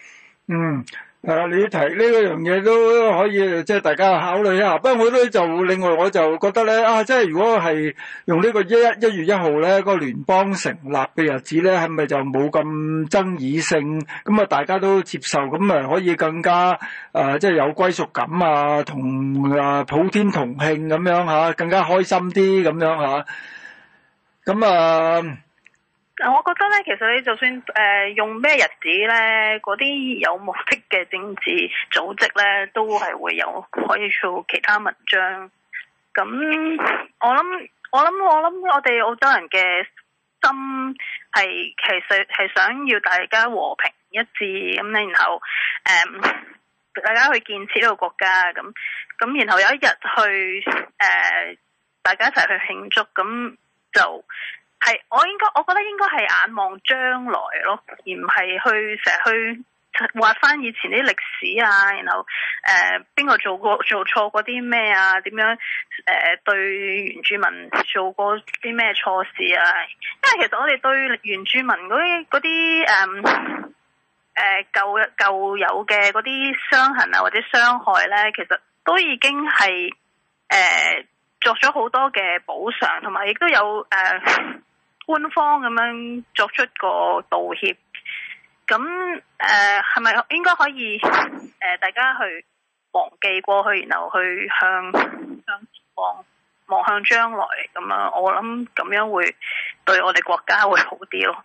嗯，誒、啊，你提呢個樣嘢都可以，即係大家考慮下。不過我都就另外，我就覺得咧啊，即係如果係用這個 1, 1月1號呢、那個一一月一號咧，嗰個聯邦成立嘅日子咧，係咪就冇咁爭議性？咁啊，大家都接受，咁啊，可以更加誒、啊，即係有歸屬感啊，同啊普天同慶咁樣吓，更加開心啲咁樣吓。咁啊。那啊嗱，我覺得咧，其實你就算誒、呃、用咩日子咧，嗰啲有目的嘅政治組織咧，都係會有可以做其他文章。咁我諗，我諗，我諗，我哋澳洲人嘅心係其實係想要大家和平一致咁咧，然後誒、嗯、大家去建設一個國家咁，咁然後有一日去誒、呃、大家一齊去慶祝咁就。係，我應該，我覺得應該係眼望將來咯，而唔係去成日去劃返以前啲歷史啊，然後誒邊個做過做錯嗰啲咩啊？點樣誒、呃、對原住民做過啲咩錯事啊？因為其實我哋對原住民嗰啲啲誒誒舊舊有嘅嗰啲傷痕啊或者傷害咧，其實都已經係誒、呃、作咗好多嘅補償，同埋亦都有誒。呃官方咁樣作出個道歉，咁誒係咪應該可以誒、呃？大家去忘記過去，然後去向向前望望向將來咁啊！我諗咁樣會對我哋國家會好啲咯。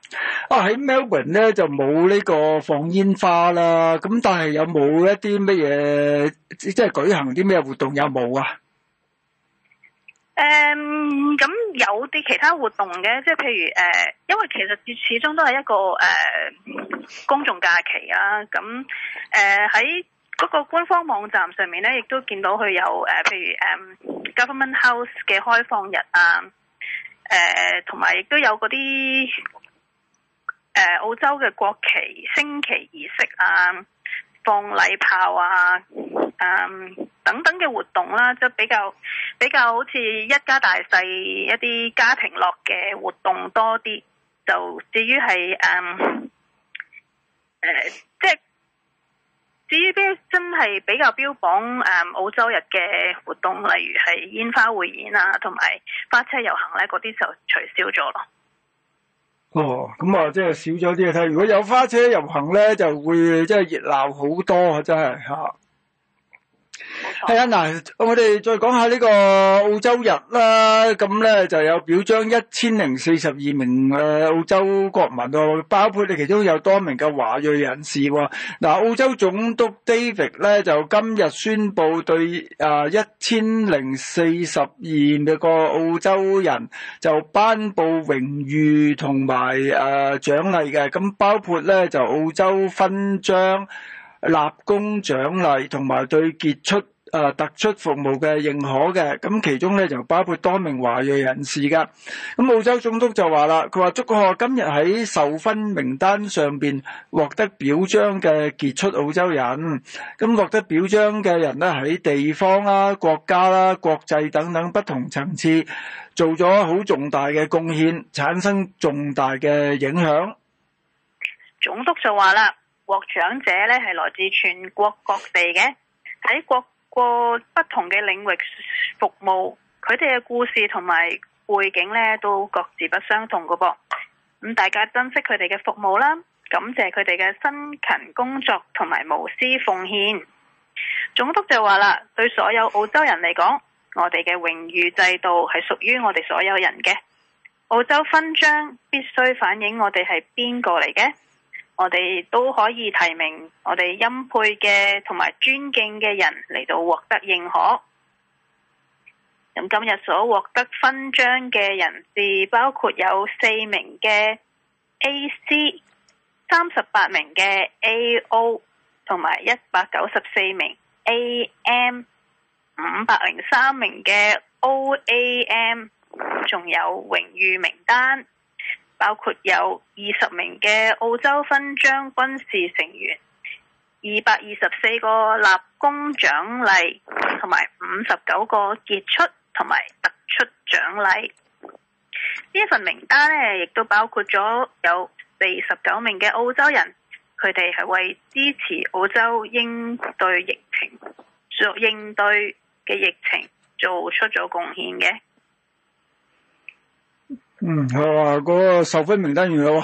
啊，喺 Melbourne 咧就冇呢個放煙花啦，咁但係有冇一啲乜嘢即係舉行啲咩活動有冇啊？誒，咁有啲其他活動嘅，即係譬如誒、呃，因為其實始始終都係一個誒、呃、公眾假期啊。咁誒喺嗰個官方網站上面咧，亦都見到佢有誒、呃，譬如誒、呃、Government House 嘅開放日啊，誒同埋亦都有嗰啲誒澳洲嘅國旗升旗儀式啊。放禮炮啊，嗯，等等嘅活動啦，即係比較比較好似一家大細一啲家庭樂嘅活動多啲。就至於係嗯，誒、呃，即係至於邊真係比較標榜誒、嗯、澳洲日嘅活動，例如係煙花匯演啊，同埋花車遊行咧、啊，嗰啲就取消咗咯。哦，咁啊，即係少咗啲嘢睇。如果有花車遊行呢，就會即係熱鬧好多，真係。啊。係啊，嗱，我哋再講下呢個澳洲日啦。咁咧就有表彰一千零四十二名誒澳洲國民哦，包括咧其中有多名嘅華裔人士喎。嗱，澳洲總督 David 咧就今日宣布對誒一千零四十二嘅個澳洲人就頒布榮譽同埋誒獎勵嘅。咁包括咧就澳洲勳章。立功獎勵同埋對傑出啊、突出服務嘅認可嘅，咁其中咧就包括多名華裔人士嘅。咁澳洲總督就話啦，佢話祝賀今日喺授勳名單上邊獲得表彰嘅傑出澳洲人。咁獲得表彰嘅人咧，喺地方啦、國家啦、國際等等不同層次做咗好重大嘅貢獻，產生重大嘅影響。總督就話啦。獲獎者咧係來自全國各地嘅，喺各個不同嘅領域服務，佢哋嘅故事同埋背景咧都各自不相同噶噃。咁大家珍惜佢哋嘅服務啦，感謝佢哋嘅辛勤工作同埋無私奉獻。總督就話啦，對所有澳洲人嚟講，我哋嘅榮譽制度係屬於我哋所有人嘅。澳洲勳章必須反映我哋係邊個嚟嘅。我哋都可以提名我哋欽佩嘅同埋尊敬嘅人嚟到獲得認可。咁今日所獲得勳章嘅人士包括有四名嘅 AC，三十八名嘅 AO，同埋一百九十四名 AM，五百零三名嘅 OAM，仲有榮譽名單。包括有二十名嘅澳洲勳章軍事成員，二百二十四個立功獎勵，同埋五十九個傑出同埋突出獎勵。呢一份名單咧，亦都包括咗有四十九名嘅澳洲人，佢哋係為支持澳洲應對疫情，作應對嘅疫情做出咗貢獻嘅。嗯，係嘛，嗰、嗰個受勳名單原來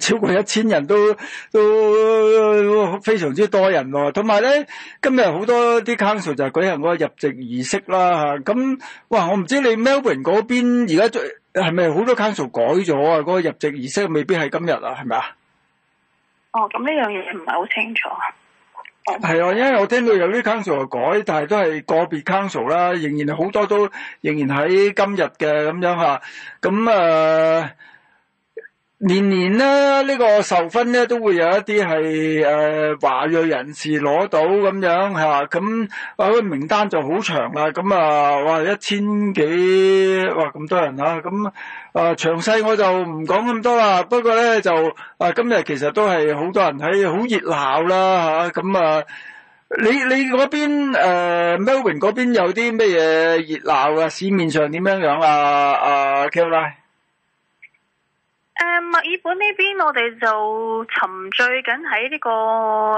超過一千人都都，都非常之多人喎、啊。同埋咧今日好多啲 council 就舉行嗰、啊嗯啊嗰個入席儀式啦吓，咁哇，我唔知你 Melbourne 嗰邊而家係咪好多 council 改咗啊，嗰個入席儀式未必係今日啊，係咪啊？哦，咁呢樣嘢唔係好清楚。係啊，因為我聽到有啲 cancel 改，但係都係個別 cancel 啦，仍然好多都仍然喺今日嘅咁樣吓，咁啊。呃年年咧，呢個授勳咧都會有一啲係誒華裔人士攞到咁樣嚇，咁啊個名單就好長啦，咁啊哇一千幾哇咁多人嚇，咁啊詳細我就唔講咁多啦。不過咧就啊今日其實都係好多人喺好熱鬧啦嚇，咁啊你你嗰邊誒 Melvin 嗰邊有啲咩嘢熱鬧啊？市面上點樣樣啊？啊 Kelly。誒、呃，墨爾本呢邊我哋就沉醉緊喺呢個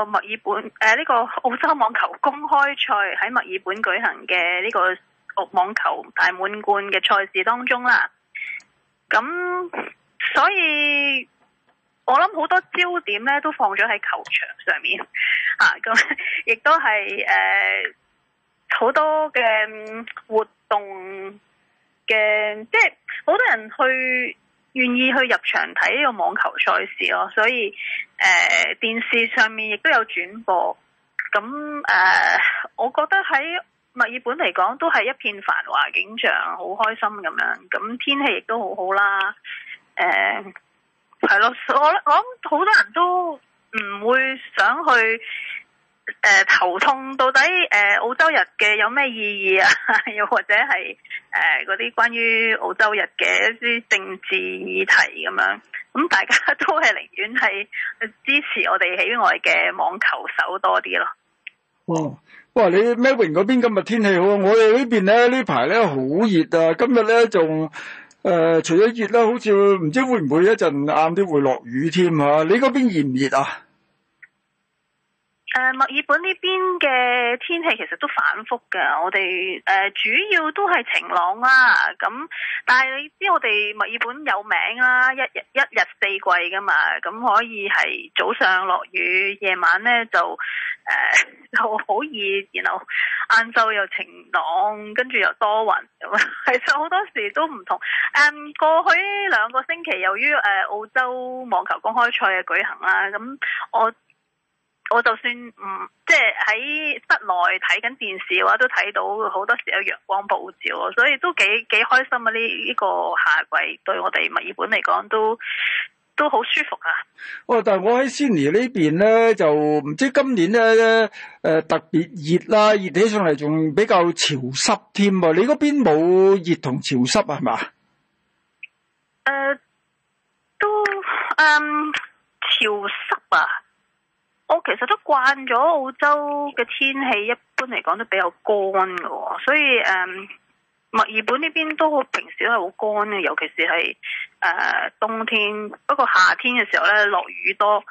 墨爾本誒呢、呃這個澳洲網球公開賽喺墨爾本舉行嘅呢個網球大滿貫嘅賽事當中啦。咁所以我諗好多焦點咧都放咗喺球場上面吓，咁 亦都係誒好多嘅活動嘅，即係好多人去。願意去入場睇呢個網球賽事咯，所以誒、呃、電視上面亦都有轉播。咁誒、呃，我覺得喺墨爾本嚟講都係一片繁華景象，好開心咁樣。咁天氣亦都好好啦。誒、呃，係咯，我我諗好多人都唔會想去。誒、呃，頭痛到底誒、呃，澳洲日嘅，有咩意義啊？ 又或者係誒嗰啲關於澳洲日嘅一啲政治議題咁樣，咁、嗯、大家都係寧願係支持我哋喜愛嘅網球手多啲咯。哦，哇！你 Melbourne 嗰邊今日天氣好啊，我哋呢邊咧呢排咧好熱啊，今日咧仲誒除咗熱啦，好似唔知道會唔會一陣晏啲會落雨添啊。你嗰邊熱唔熱啊？誒、呃，墨爾本呢邊嘅天氣其實都反覆嘅，我哋誒、呃、主要都係晴朗啦。咁、嗯、但係你知我哋墨爾本有名啦，一日一日四季噶嘛，咁、嗯、可以係早上落雨，夜晚咧就誒又好熱，然後晏晝又晴朗，跟住又多雲咁。其實好多時都唔同。誒、嗯，過去兩個星期由於誒、呃、澳洲網球公開賽嘅舉行啦，咁、嗯、我。我就算唔、嗯、即係喺室內睇緊電視嘅話，都睇到好多時候有陽光暴照，所以都幾幾開心啊！呢、這、呢個夏季對我哋墨爾本嚟講都都好舒服啊！哦，但係我喺悉尼呢邊咧，就唔知今年咧誒、呃、特別熱啦、啊，熱起上嚟仲比較潮濕添啊！你嗰邊冇熱同潮濕、呃嗯、潮濕啊？係嘛？誒，都嗯潮濕啊！我、哦、其實都慣咗澳洲嘅天氣，一般嚟講都比較乾嘅，所以誒墨爾本呢邊都好平時都係好乾嘅，尤其是係誒、呃、冬天。不過夏天嘅時候咧，落雨多，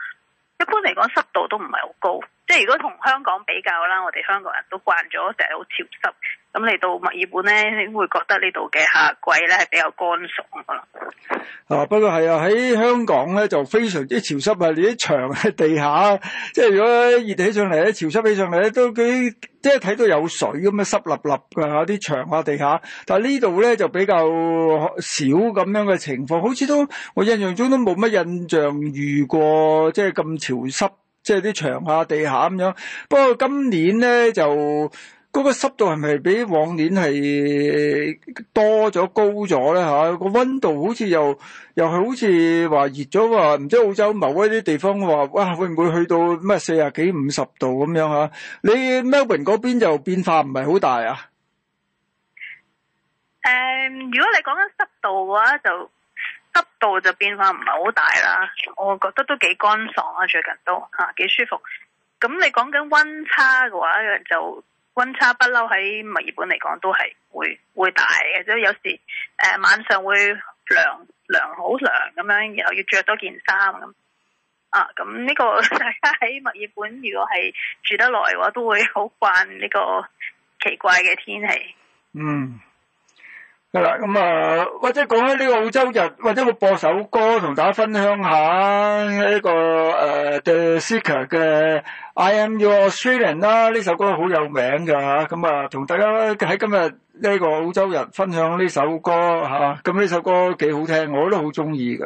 一般嚟講濕度都唔係好高。即係如果同香港比較啦，我哋香港人都慣咗成日好潮濕。咁嚟到墨爾本咧，你會覺得呢度嘅夏季咧係比較乾爽噶啦。啊，不過係啊，喺香港咧就非常之潮濕啊！啲牆喺地下，即係如果熱起上嚟咧、潮濕起上嚟咧，都幾即係睇到有水咁啊，濕立立㗎啲牆啊、地下。但係呢度咧就比較少咁樣嘅情況，好似都我印象中都冇乜印象遇過即係咁潮濕，即係啲牆下地下咁樣。不過今年咧就～嗰、那個濕度係咪比往年係多咗高咗呢？嚇、啊，個溫度好似又又係好似話熱咗喎，唔知澳洲某一啲地方話哇，會唔會去到乜四十幾五十度咁樣、啊、你 Melbourne 嗰邊就變化唔係好大啊、嗯？如果你講緊濕度嘅話，就濕度就變化唔係好大啦。我覺得都幾乾爽啊，最近都、啊、幾舒服。咁你講緊溫差嘅話就溫差不嬲喺墨爾本嚟講都係會會大嘅，即係有時誒、呃、晚上會涼涼好涼咁樣，然後要着多件衫咁。啊，咁呢、呢個大家喺墨爾本如果係住得耐嘅話，都會好慣呢個奇怪嘅天氣。嗯。好、嗯、啦，咁啊，或者講喺呢個澳洲日，或者我播首歌同大家分享下呢、這個、呃、The Seeker 嘅 I Am Your Australian 啦，呢首歌好有名㗎嚇，咁啊同大家喺今日呢個澳洲日分享呢首歌嚇，咁呢、啊、首歌幾好聽，我都好中意㗎。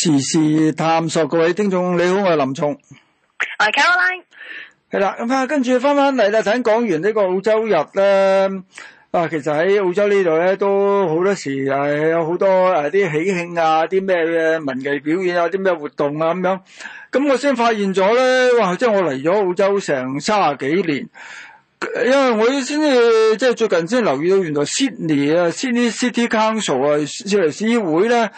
時事探索，各位聽眾，你好，我係林聰。我係 Caroline，係啦，咁啊，跟住翻翻嚟啦，等講完呢個澳洲日咧，啊，其實喺澳洲呢度咧，都好多時係有好多誒啲喜慶啊，啲咩嘅文藝表演啊，啲咩活動啊咁樣。咁、啊、我先發現咗咧，哇，即係我嚟咗澳洲成卅幾年，因為我先至即係最近先留意到，原來 Sydney 啊，Sydney City Council 啊，悉尼市議會咧。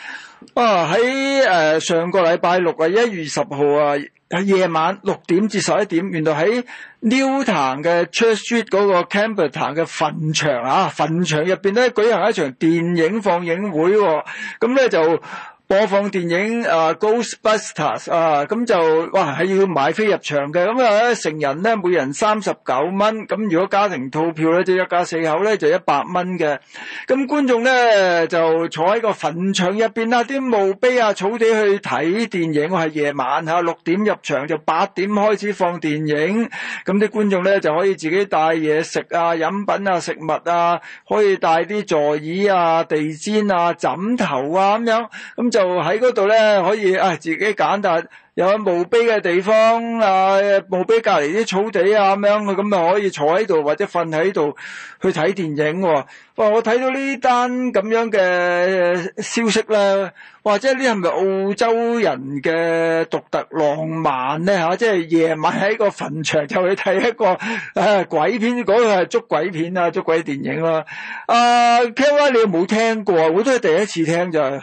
啊！喺誒上個禮拜六啊，一月十號啊，夜晚六點至十一點，原來喺 Newtown 嘅 Church Street 嗰個 Camperdown 嘅墳場啊，墳場入邊咧舉行一場電影放映會喎、哦，咁、嗯、咧就。播放電影啊，Ghostbusters 啊，咁就哇係要買飛入場嘅，咁啊成人咧每人三十九蚊，咁如果家庭套票咧即係一家四口咧就一百蚊嘅，咁觀眾咧就坐喺個墳場入邊啦，啲墓碑啊、草地去睇電影，係夜晚吓六點入場就八點開始放電影，咁啲觀眾咧就可以自己帶嘢食啊、飲品啊、食物啊，可以帶啲座椅啊、地氈啊、枕頭啊咁樣，咁就。就喺嗰度咧，可以啊自己揀，但有墓碑嘅地方啊，墓碑隔籬啲草地啊咁樣，咁就可以坐喺度或者瞓喺度去睇電影。哇！我睇到呢單咁樣嘅消息咧，或者呢係咪澳洲人嘅獨特浪漫咧嚇、啊？即係夜晚喺個墳場就去睇一個啊鬼片，嗰個係捉鬼片啊，捉鬼電影啦。啊，KY，你有冇聽過？我都係第一次聽就係。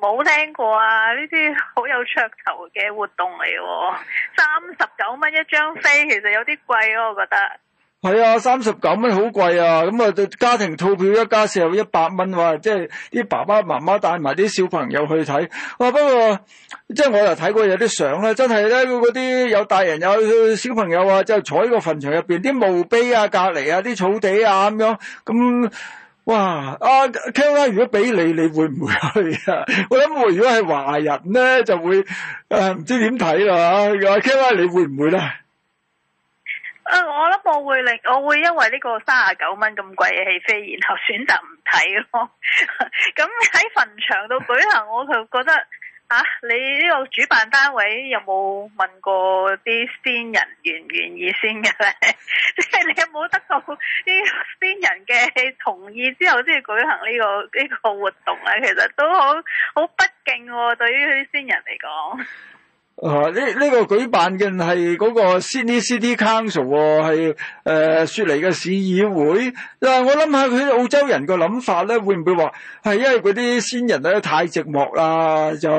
冇聽過啊！呢啲好有噱頭嘅活動嚟，啊，三十九蚊一張飛，其實有啲貴咯、啊，我覺得。係啊，三十九蚊好貴啊！咁、嗯、啊，家庭套票一家四，一百蚊哇、啊！即係啲爸爸媽媽帶埋啲小朋友去睇。哇、啊，不過即係我又睇過有啲相咧，真係咧，嗰啲有大人有小朋友啊，即係坐喺個墳場入邊，啲墓碑啊、隔籬啊、啲草地啊咁樣咁。嗯哇！阿、啊、Ken 如果俾你，你會唔會去啊？我諗我如果係華人咧，就會誒唔、啊、知點睇啦，阿 Ken 你會唔會咧、啊？誒、啊，我諗我會令我會因為呢個三十九蚊咁貴嘅戲飛，然後選擇唔睇咯。咁喺墳場度舉行，我就覺得。啊！你呢個主辦單位有冇問過啲先人願唔願意先嘅咧？即 係你有冇得到啲先人嘅同意之後，先去舉行呢、呢個呢、呢個活動咧？其實都好好不敬喎、哦，對於啲先人嚟講。啊！呢、這、呢個舉辦嘅係嗰個 Sydney City Council 喎、啊，係誒雪梨嘅市議會。但、呃、係我諗下佢澳洲人個諗法咧，會唔會話係因為嗰啲先人咧太寂寞啊？就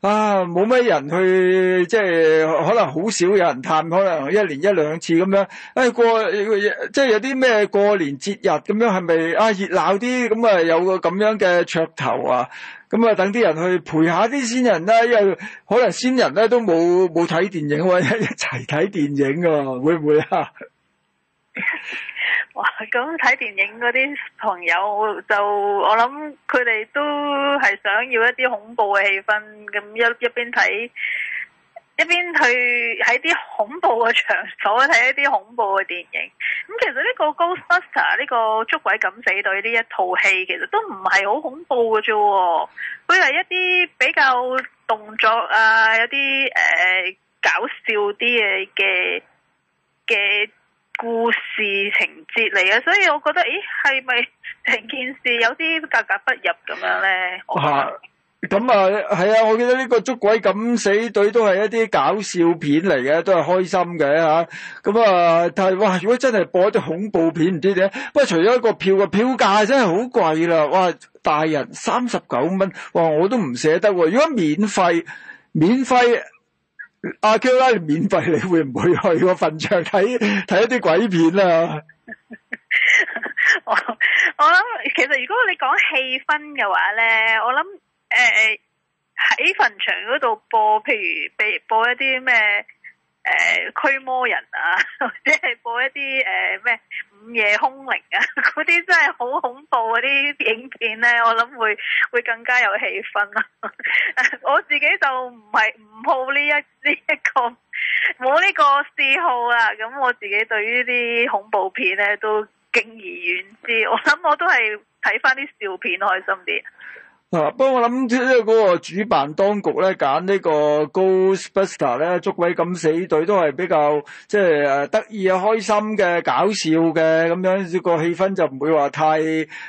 啊冇咩人去，即係可能好少有人探，可能一年一兩次咁樣。誒、哎、過即係有啲咩過年節日咁樣，係咪啊熱鬧啲咁啊？這有個咁樣嘅噱頭啊！咁啊，等啲人去陪下啲先人啦，因為可能先人咧都冇冇睇電影喎，一齊睇電影噶、啊，會唔會啊？哇！咁睇電影嗰啲朋友就我諗佢哋都係想要一啲恐怖嘅氣氛，咁一一邊睇。一邊去喺啲恐怖嘅場所睇一啲恐怖嘅電影，咁其實呢個 Ghostbuster 呢、呢個捉鬼敢死隊呢一套戲其實都唔係好恐怖嘅啫，佢係一啲比較動作啊，有啲誒、呃、搞笑啲嘅嘅嘅故事情節嚟嘅，所以我覺得，咦，係咪成件事有啲格格不入咁樣咧？啊咁啊，係啊！我記得呢個捉鬼敢死隊都係一啲搞笑片嚟嘅，都係開心嘅吓、啊。咁啊，但係哇，如果真係播一啲恐怖片唔知點？不過除咗一個票嘅票價真係好貴啦，哇！大人三十九蚊，哇，我都唔捨得喎、啊。如果免費，免費，阿、啊、Q 啦，你免費，你會唔會去個墳場睇睇一啲鬼片啊？ 我我諗，其實如果你講氣氛嘅話咧，我諗。誒、呃，喺墳場嗰度播，譬如，譬如播一啲咩誒驅魔人啊，或者係播一啲誒咩午夜凶鈴啊，嗰啲真係好恐怖嗰啲影片咧，我諗會會更加有氣氛咯、啊。 我自己就唔係唔好呢一呢一、呢個，冇呢個嗜好啊。咁我自己對於啲恐怖片咧都敬而遠之。我諗我都係睇翻啲笑片開心啲。不、啊、過我諗即係嗰個主辦當局咧，揀呢個 Ghostbuster 咧捉鬼敢死隊都係比較即係誒、啊、得意、開心嘅、搞笑嘅咁樣，個氣氛就唔會話太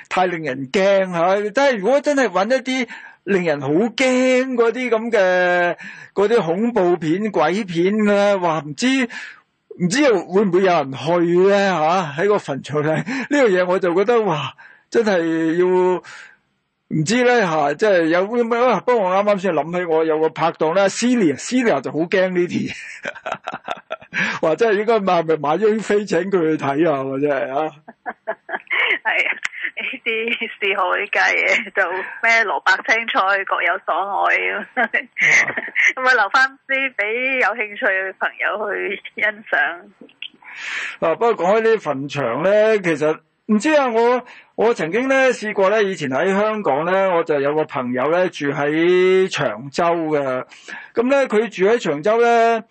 太令人驚嚇。真、啊、係如果真係揾一啲令人好驚嗰啲咁嘅啲恐怖片、鬼片咧，話、啊、唔知唔知會唔會有人去咧嚇？喺、啊、個墳場咧呢樣嘢， 個我就覺得哇！真係要～唔知咧吓，即、啊、係、就是、有乜乜、啊。不過我啱啱先諗起，我有個拍檔咧 Celia，Celia 就好驚呢啲，話、啊、真係應該買，咪買張飛請佢去睇下，真係啊。係啊，呢啲嗜好呢家嘢就咩蘿蔔青菜各有所愛咁，咁啊留翻啲俾有興趣嘅朋友去欣賞。嗱、啊啊，不過講起呢啲墳場咧，其實唔知啊我。我曾經咧試過咧，以前喺香港咧，我就有個朋友咧住喺長洲嘅。咁咧佢住喺長洲咧，誒、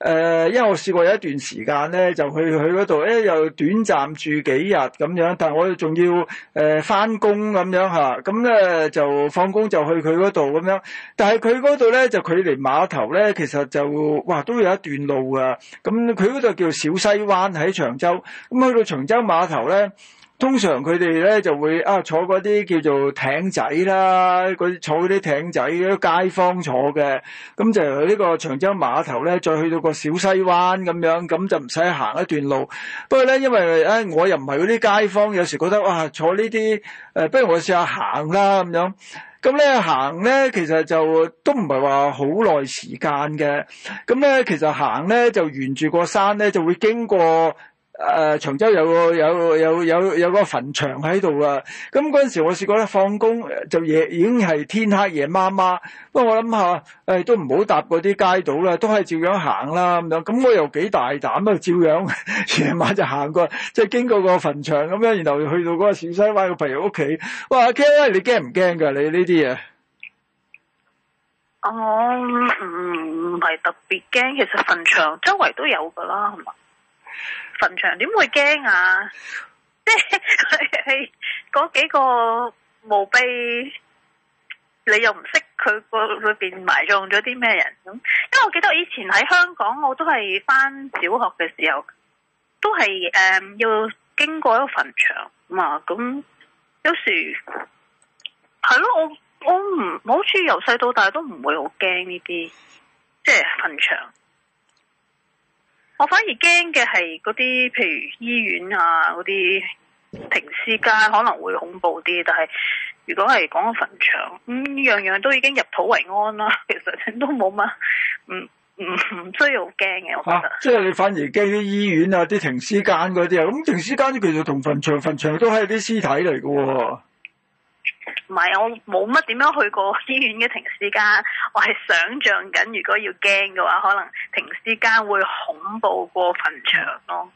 呃，因為我試過有一段時間咧，就去去嗰度，誒，又短暫住幾日咁樣。但係我仲要誒翻工咁樣嚇，咁咧就放工就去佢嗰度咁樣。但係佢嗰度咧就距離碼頭咧，其實就哇都有一段路啊。咁佢嗰度叫小西灣喺長洲。咁去到長洲碼頭咧。通常佢哋咧就會啊坐嗰啲叫做艇仔啦，坐嗰啲艇仔，啲街坊坐嘅，咁就去呢個長洲碼頭咧，再去到個小西灣咁樣，咁就唔使行一段路。不過咧，因為咧、哎、我又唔係嗰啲街坊，有時覺得啊坐呢啲、呃，不如我試下行啦咁樣。咁咧行咧，其實就都唔係話好耐時間嘅。咁咧其實行咧就沿住個山咧就會經過。誒、呃，長洲有有有有有個墳場喺度啊！咁嗰陣時我試過咧放工，就夜已經係天黑夜麻麻，不過我諗下誒、欸、都唔好搭嗰啲街道啦，都係照樣行啦咁樣。咁我又幾大膽啦、啊，照樣夜晚就行過，即、就、係、是、經過個墳場咁樣，然後去到嗰個小西灣個朋友屋企。哇，阿 K 你驚唔驚噶？你呢啲嘢？我唔係特別驚，其實墳場周圍都有噶啦，係嘛？墳場點會驚啊？即係佢嗰幾個墓碑，你又唔識佢個裏邊埋葬咗啲咩人咁？因為我記得我以前喺香港，我都係翻小學嘅時候，都係誒、嗯、要經過一個墳場嘛。咁有時係咯，我我唔好似由細到大都唔會好驚呢啲，即係墳場。我反而驚嘅係嗰啲，譬如醫院啊，嗰啲停屍間可能會恐怖啲，但係如果係講個墳場，咁樣樣都已經入土為安啦，其實都冇乜，唔唔唔需要好驚嘅。我覺得，啊、即係你反而驚啲醫院啊，啲停屍間嗰啲啊，咁停屍間其實同墳場，墳場都係啲屍體嚟㗎。唔係，我冇乜點樣去過醫院嘅停屍間，我係想象緊如果要驚嘅話，可能停屍間會恐怖過墳場咯。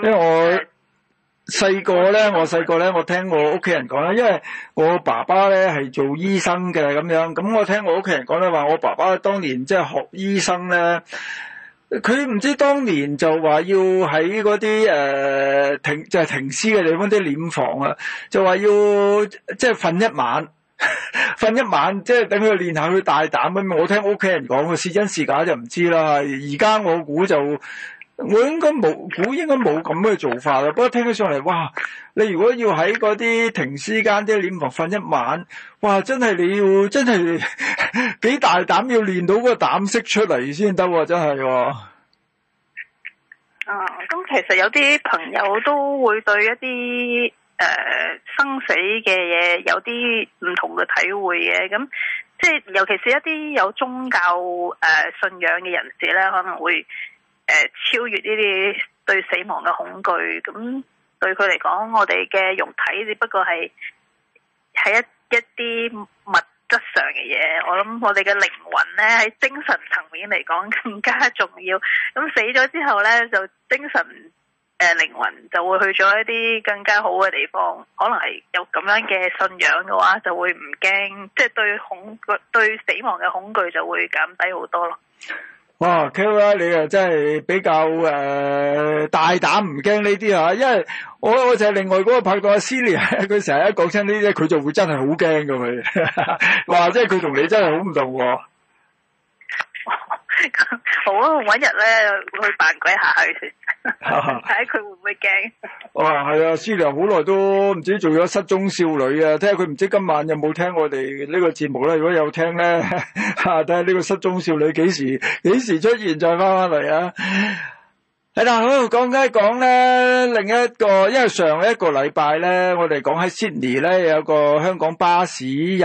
因為我細個咧，我細個咧，我聽我屋企人講咧，因為我爸爸咧係做醫生嘅咁樣，咁我聽我屋企人講咧話，我爸爸當年即係學醫生咧。佢唔知當年就話要喺嗰啲誒停就係停屍嘅地方啲殮房啊，就話要即係瞓一晚，瞓 一晚即係等佢練下佢大膽咁。我聽屋企人講佢，是真是假就唔知啦。而家我估就。我應該冇，估應該冇咁嘅做法啦。不過聽起上嚟，哇！你如果要喺嗰啲停屍間啲殮房瞓一晚，哇！真係你要真係幾大膽，要練到個膽色出嚟先得，真係、啊。哦、嗯、咁、嗯、其實有啲朋友都會對一啲誒、呃、生死嘅嘢有啲唔同嘅體會嘅，咁即係尤其是一啲有宗教誒、呃、信仰嘅人士咧，可能會。誒，超越呢啲對死亡嘅恐懼，咁對佢嚟講，我哋嘅肉體只不過係係一一啲物質上嘅嘢。我諗我哋嘅靈魂咧，喺精神層面嚟講更加重要。咁死咗之後咧，就精神誒靈魂就會去咗一啲更加好嘅地方。可能係有咁樣嘅信仰嘅話就不怕，就會唔驚，即係對恐懼對死亡嘅恐懼就會減低好多咯。哇，Kel 你啊真係比較誒、呃、大膽，唔驚呢啲啊，因為我我就係另外嗰個拍檔阿 Silia，佢成日一講親呢啲，佢就會真係好驚噶佢，哇，即係佢同你真係好唔同，啊。好啊，揾日咧去扮鬼下佢先。睇下佢會唔會驚？哇，係啊！師娘好耐都唔知做咗失蹤少女啊！睇下佢唔知今晚有冇聽我哋呢個節目啦。如果有聽咧，睇下呢個失蹤少女幾時幾時出現再翻翻嚟啊！誒，嗱，好講緊講咧另一個，因為上一個禮拜咧，我哋講喺 Sydney 咧有一個香港巴士日。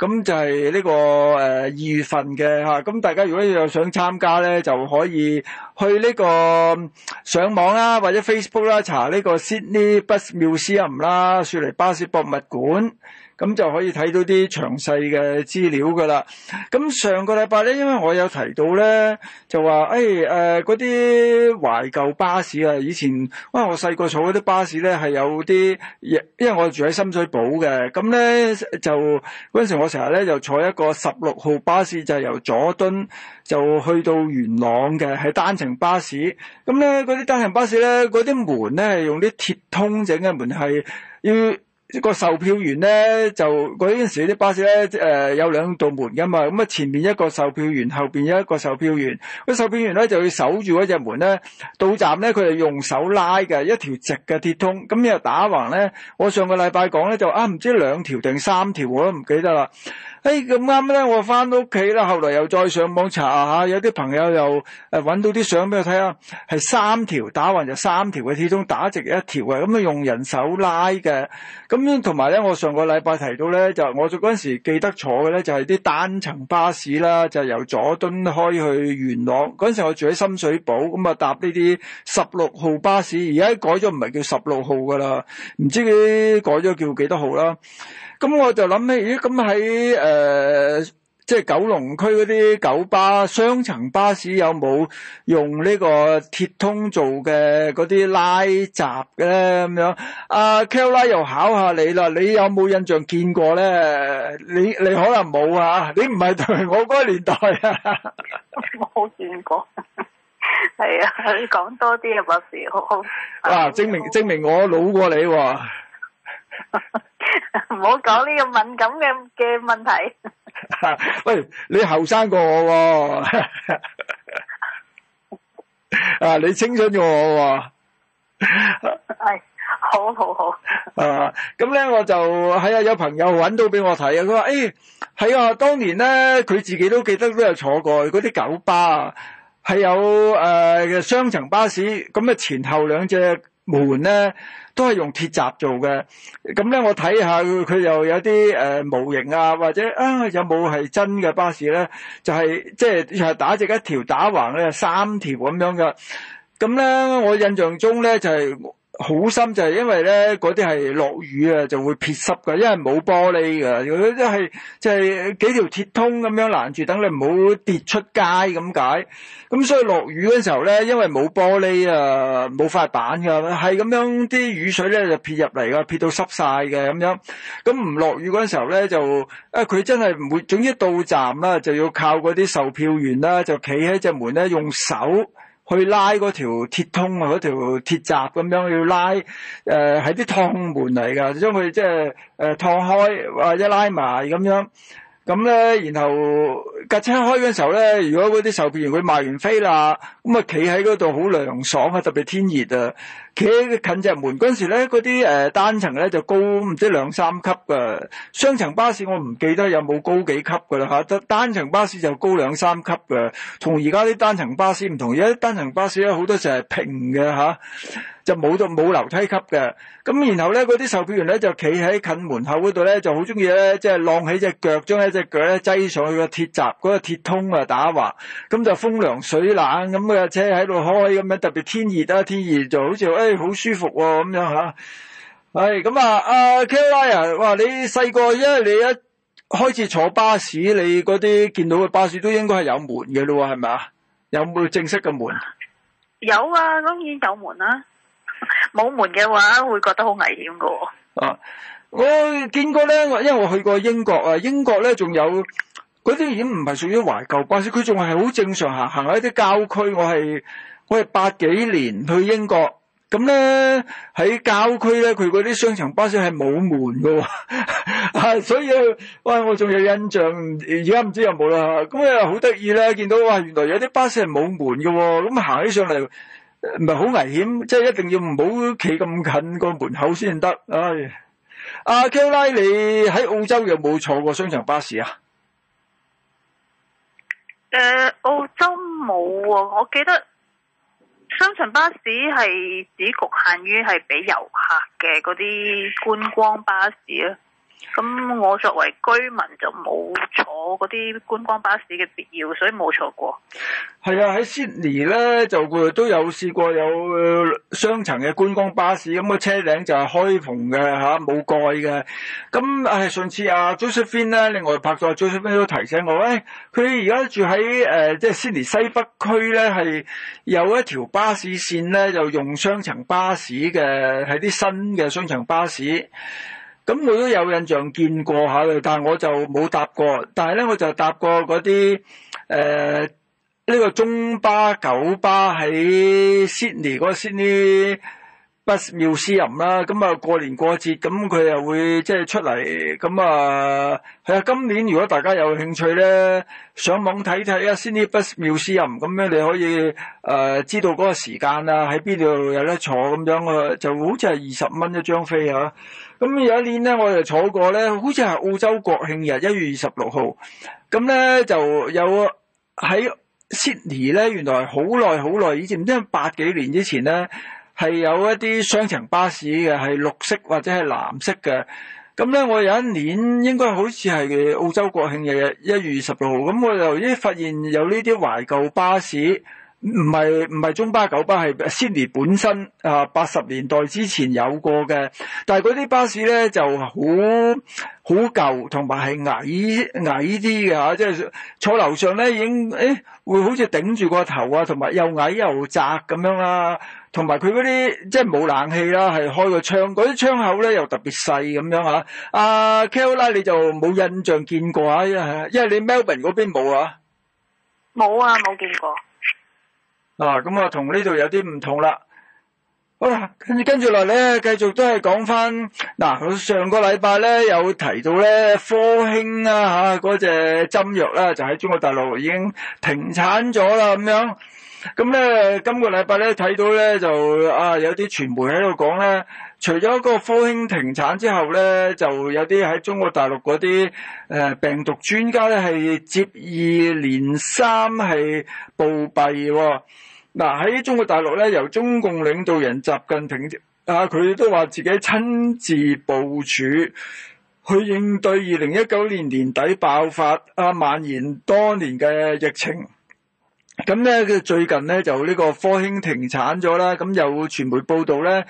咁就係呢個誒二月份嘅吓，咁大家如果有想參加咧，就可以去呢個上網啦，或者 Facebook 啦，查呢個 Sydney Bus Museum 啦，雪梨巴士博物館。咁就可以睇到啲詳細嘅資料㗎啦。咁上個禮拜咧，因為我有提到咧，就話誒嗰啲懷舊巴士啊，以前、哎、我細個坐嗰啲巴士咧係有啲，因為我住喺深水埗嘅，咁咧就嗰陣時我成日咧就坐一個十六號巴士，就係、由佐敦就去到元朗嘅，係單程巴士。咁咧嗰啲單程巴士咧，嗰啲門咧係用啲鐵通整嘅門，係要。一個售票員咧就嗰陣時啲巴士咧，誒、呃、有兩道門噶嘛，咁啊前面一個售票員，後邊有一個售票員。個售票員咧就要守住嗰隻門咧，到站咧佢就用手拉嘅，一條直嘅鐵通，咁又打橫咧。我上個禮拜講咧就啊，唔知兩條定三條，我都唔記得啦。誒，咁啱咧，我翻到屋企啦。後來又再上網查下，有啲朋友又誒搵、呃、到啲相俾我睇下，係三條打橫就三條嘅，鐵通打直一條嘅。咁啊，用人手拉嘅。咁同埋咧，我上個禮拜提到咧，就我嗰陣時記得坐嘅咧，就係、是、啲單層巴士啦，就是、由佐敦開去元朗。嗰陣時我住喺深水埗，咁啊搭呢啲十六號巴士。而家改咗唔係叫十六號噶啦，唔知佢改咗叫幾多號啦。咁我就諗起，咦？咁喺誒，即係九龍區嗰啲九巴雙層巴士有冇用呢個鐵通做嘅嗰啲拉閘嘅咧？咁樣，阿 Kel 拉又考下你啦，你有冇印象見過咧？你你可能冇啊？你唔係對我嗰個年代啊？我冇見過，係 啊，你講多啲啊，博士，好啊，證明、嗯、證明我老過你喎、啊。唔好講呢個敏感嘅嘅問題。喂，你後生過我，啊，你青春過我。係，好好好。啊，咁咧我就喺啊有朋友揾到俾我睇啊，佢話誒，喺啊當年咧，佢自己都記得都有坐過嗰啲九巴啊，係有誒雙層巴士，咁啊前後兩隻門咧。都係用鐵閘做嘅，咁咧我睇下佢又有啲誒、呃、模型啊，或者啊有冇係真嘅巴士咧？就係即係打直一條，打橫咧三條咁樣嘅。咁咧我印象中咧就係、是。好深就係因為咧，嗰啲係落雨啊就會撇濕㗎，因為冇玻璃㗎。如果真係即係幾條鐵通咁樣攔住，等你唔好跌出街咁解。咁所以落雨嗰時候咧，因為冇玻璃啊，冇塊板㗎，係咁樣啲雨水咧就撇入嚟㗎，撇到濕晒嘅咁樣。咁唔落雨嗰時候咧就，佢、啊、真係唔會。總之到站啦，就要靠嗰啲售票員啦，就企喺隻門咧用手。去拉嗰條鐵通啊，嗰條鐵閘咁樣要拉，誒，喺啲趟門嚟㗎，將佢即係誒，趟開或者拉埋咁樣。咁咧，然後架車開嘅時候咧，如果嗰啲售票員佢賣完飛啦，咁啊企喺嗰度好涼爽啊，特別天熱啊，企喺近隻門嗰時咧，嗰啲誒單層咧就高唔知兩三級噶，雙層巴士我唔記得有冇高幾級噶啦吓，得單層巴士就高兩三級噶，同而家啲單層巴士唔同，而家啲單層巴士咧好多時係平嘅吓。就冇到冇樓梯級嘅，咁然後咧嗰啲售票員咧就企喺近門口嗰度咧，就好中意咧，即係晾起隻腳，將一隻腳咧擠上去鐵閘、那個鐵閘嗰個鐵通啊打橫，咁就風涼水冷咁嘅、那個、車喺度開咁樣，特別天熱啊，天熱就好似誒好舒服喎咁樣吓。唉，咁啊，阿、哎啊、Kelly 啊，哇，你細個因為你一開始坐巴士，你嗰啲見到嘅巴士都應該係有門嘅咯，係咪啊？有冇正式嘅門？有啊，咁已經有門啦。冇門嘅話會覺得好危險㗎喎。啊，我見過咧，因為我去過英國啊，英國咧仲有嗰啲，已經唔係屬於懷舊巴士，佢仲係好正常行行喺啲郊區。我係我係八幾年去英國，咁咧喺郊區咧，佢嗰啲雙層巴士係冇門㗎喎， 所以哇、哎，我仲有印象，而家唔知有冇啦。咁啊，好得意啦，見到哇，原來有啲巴士係冇門㗎喎。咁行起上嚟，唔係好危險，即係一定要唔好企咁近個門口先得。唉、哎，阿 Kelly，你喺澳洲有冇坐過雙層巴士啊？誒、呃，澳洲冇喎、啊，我記得雙層巴士係只局限於係俾遊客嘅嗰啲觀光巴士咯、啊。咁我作為居民就冇坐嗰啲觀光巴士嘅必要，所以冇坐過。係啊，喺 Sydney 咧就會都有試過有雙層嘅觀光巴士，咁、個車頂就係開篷嘅吓，冇蓋嘅。咁誒上次阿、啊、Josephine 咧，另外拍咗、啊、，Josephine 都提醒我喂，佢而家住喺誒、呃、即係 Sydney 西北區咧，係有一條巴士線咧，就用雙層巴士嘅，係啲新嘅雙層巴士。咁我都有印象見過下，但係我就冇搭過。但係咧，我就搭過嗰啲誒，呢個中巴、九巴喺 Sydney 嗰個 Sydney。Bus Museum 啦，咁啊，過年過節咁佢又會即係、就是、出嚟。咁啊，係啊！今年如果大家有興趣咧，上網睇睇啊，Sydney Bus Museum 咁樣，你可以誒、呃、知道嗰個時間啊，喺邊度有得坐咁樣啊，就好似係二十蚊一張飛啊。咁有一年咧，我就坐過咧，好似係澳洲國慶日，日，一月二十六號，咁咧就有喺 Sydney 咧，原來好耐好耐以前，唔知八幾年之前咧。係有一啲雙層巴士嘅，係綠色或者係藍色嘅。咁咧，我有一年應該好似係澳洲國慶嘅一月二十六號。咁我就已經發現有呢啲懷舊巴士，唔係唔係中巴九巴，係 Sydney 本身啊八十年代之前有過嘅。但係嗰啲巴士咧就好好舊，同埋係矮矮啲嘅嚇，即係坐樓上咧已經誒、哎、會好似頂住個頭啊，同埋又矮又窄咁樣啦。同埋佢嗰啲即係冇冷氣啦，係開個窗，嗰啲窗口咧又特別細咁樣吓。阿 Kella 你就冇印象見過啊？因為你 Melbourne 嗰邊冇啊，冇啊，冇見過。啊，咁啊，同呢度有啲唔同啦。好啦，跟住跟住落咧，繼續都係講翻嗱，上個禮拜咧有提到咧科興啊吓，嗰隻針藥咧就喺中國大陸已經停產咗啦，咁樣。咁咧，今個禮拜咧睇到咧就啊，有啲傳媒喺度講咧，除咗嗰個科興停產之後咧，就有啲喺中國大陸嗰啲病毒專家咧係接二連三係暴斃。嗱，喺中國大陸咧，由中共領導人習近平啊，佢都話自己親自部署去應對二零一九年年底爆發啊蔓延多年嘅疫情。咁咧，佢最近咧就呢個科興停產咗啦。咁有傳媒報道咧，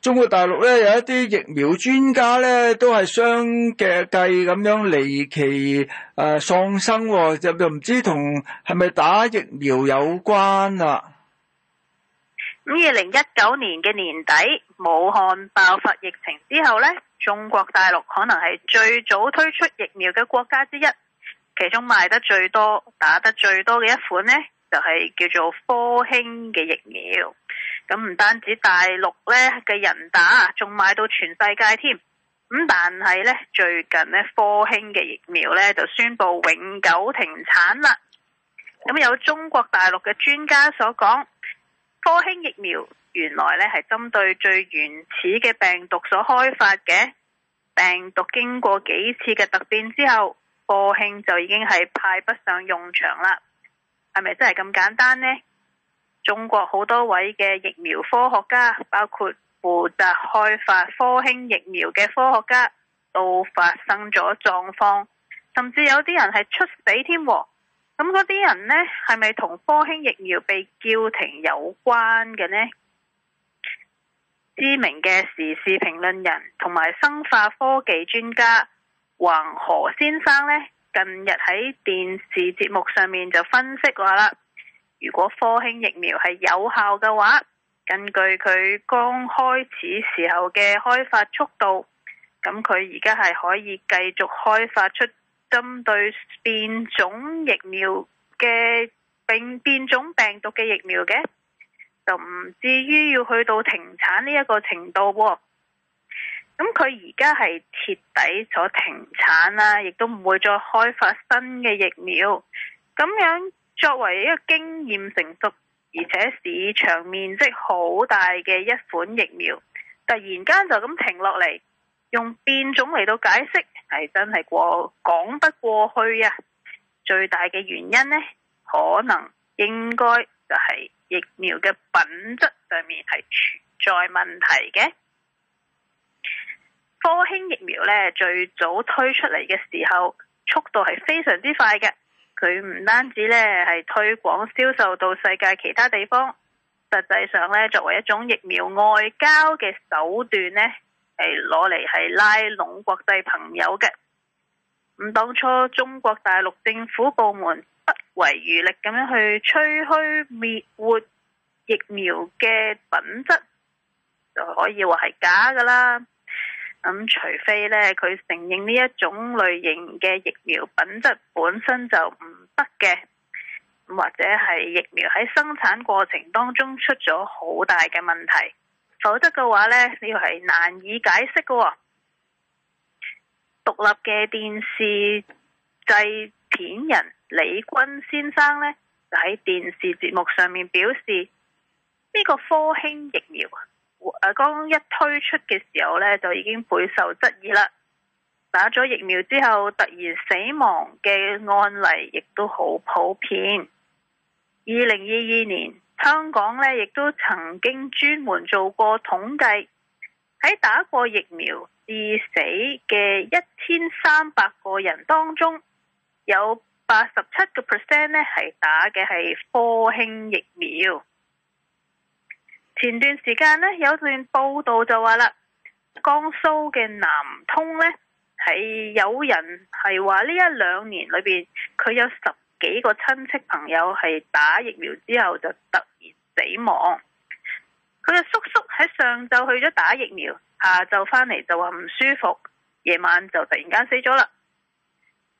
中國大陸咧有一啲疫苗專家咧都係相繼咁樣離奇誒喪生，又又唔知同係咪打疫苗有關啊？咁二零一九年嘅年底，武漢爆發疫情之後咧，中國大陸可能係最早推出疫苗嘅國家之一，其中賣得最多、打得最多嘅一款咧，就係、是、叫做科興嘅疫苗，咁唔單止大陸咧嘅人打，仲賣到全世界添。咁但係咧，最近咧科興嘅疫苗咧就宣布永久停產啦。咁有中國大陸嘅專家所講，科興疫苗原來咧係針對最原始嘅病毒所開發嘅。病毒經過幾次嘅突變之後，科興就已經係派不上用場啦。係咪真係咁簡單呢？中國好多位嘅疫苗科學家，包括負責開發科興疫苗嘅科學家，都發生咗狀況，甚至有啲人係出死添。咁嗰啲人呢，係咪同科興疫苗被叫停有關嘅呢？知名嘅時事評論人同埋生化科技專家橫河先生呢，近日喺電視節目上面就分析話啦，如果科興疫苗係有效嘅話，根據佢剛開始時候嘅開發速度，咁佢而家係可以繼續開發出針對變種疫苗嘅病變種病毒嘅疫苗嘅，就唔至於要去到停產呢一個程度喎。咁佢而家係徹底咗停產啦，亦都唔會再開發新嘅疫苗。咁樣作為一個經驗成熟而且市場面積好大嘅一款疫苗，突然間就咁停落嚟，用變種嚟到解釋，係真係過講不過去啊！最大嘅原因咧，可能應該就係疫苗嘅品質上面係存在問題嘅。科興疫苗呢最早推出嚟嘅時候，速度係非常之快嘅。佢唔單止呢係推廣銷售到世界其他地方，實際上呢，作為一種疫苗外交嘅手段呢，係攞嚟係拉攏國際朋友嘅。咁當初中國大陸政府部門不遺餘力咁樣去吹噓滅活疫苗嘅品質，就可以話係假㗎啦。咁除非呢，佢承認呢一種類型嘅疫苗品質本身就唔得嘅，或者係疫苗喺生產過程當中出咗好大嘅問題，否則嘅話，你要係難以解釋㗎喎。獨立嘅電視製片人李軍先生呢就喺電視節目上面表示，呢個科興疫苗，誒剛一推出嘅時候呢，就已經備受質疑啦。打咗疫苗之後突然死亡嘅案例亦都好普遍。二零二二年香港呢亦都曾經專門做過統計，喺打過疫苗致死嘅一千三百個人當中，有八十七個 percent 呢係打嘅係科興疫苗。前段時間呢，有段報道就話啦，江蘇嘅南通呢，係有人係話呢一兩年裏邊佢有十幾個親戚朋友係打疫苗之後就突然死亡。佢嘅叔叔喺上晝去咗打疫苗，下晝返嚟就話唔舒服，夜晚就突然間死咗啦。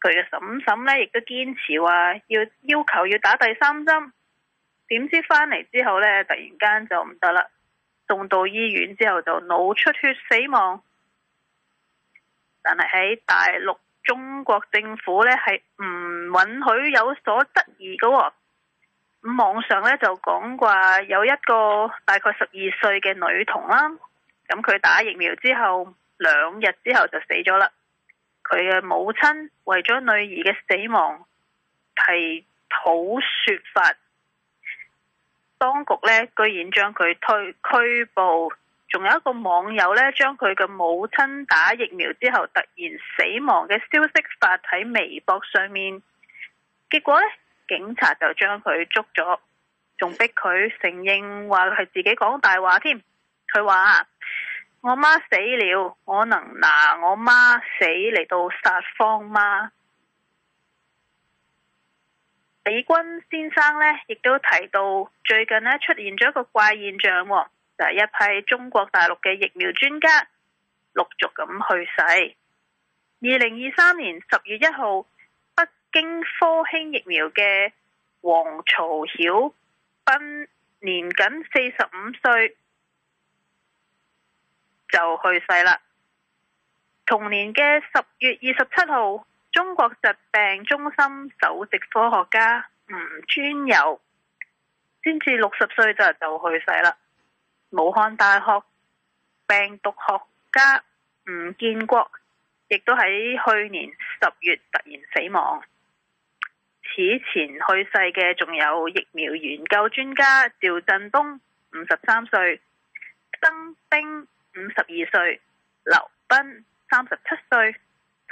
佢嘅嬸嬸呢，亦都堅持話要要求要打第三針。點知返嚟之後呢，突然間就唔得啦，送到醫院之後就腦出血死亡。但係喺大陸，中國政府呢，係唔允許有所質疑㗎。網上呢就講話有一個大概十二歲嘅女童啦，咁佢打疫苗之後兩日之後就死咗啦。佢嘅母親為咗女兒嘅死亡係討說法。當局咧居然將佢推拘捕，仲有一個網友咧將佢嘅母親打疫苗之後突然死亡嘅消息發喺微博上面，結果咧警察就將佢捉咗，仲逼佢承認話係自己講大話添。佢話：我媽死了，我能拿我媽死嚟到撒謊嗎？李軍先生呢亦都提到最近呢出現咗一個怪現象，哦，就係、是、一批中國大陸嘅疫苗專家陸續咁去世。二零二三年十月一號，北京科興疫苗嘅黃曹曉斌年僅四十五歲就去世啦。同年嘅十月二十七號，中國疾病中心首席科學家吳尊友先至六十歲就就去世啦。武漢大學病毒學家吳建國亦都喺去年十月突然死亡。此前去世嘅仲有疫苗研究專家趙振東五十三歲，曾兵五十二歲，劉斌三十七歲。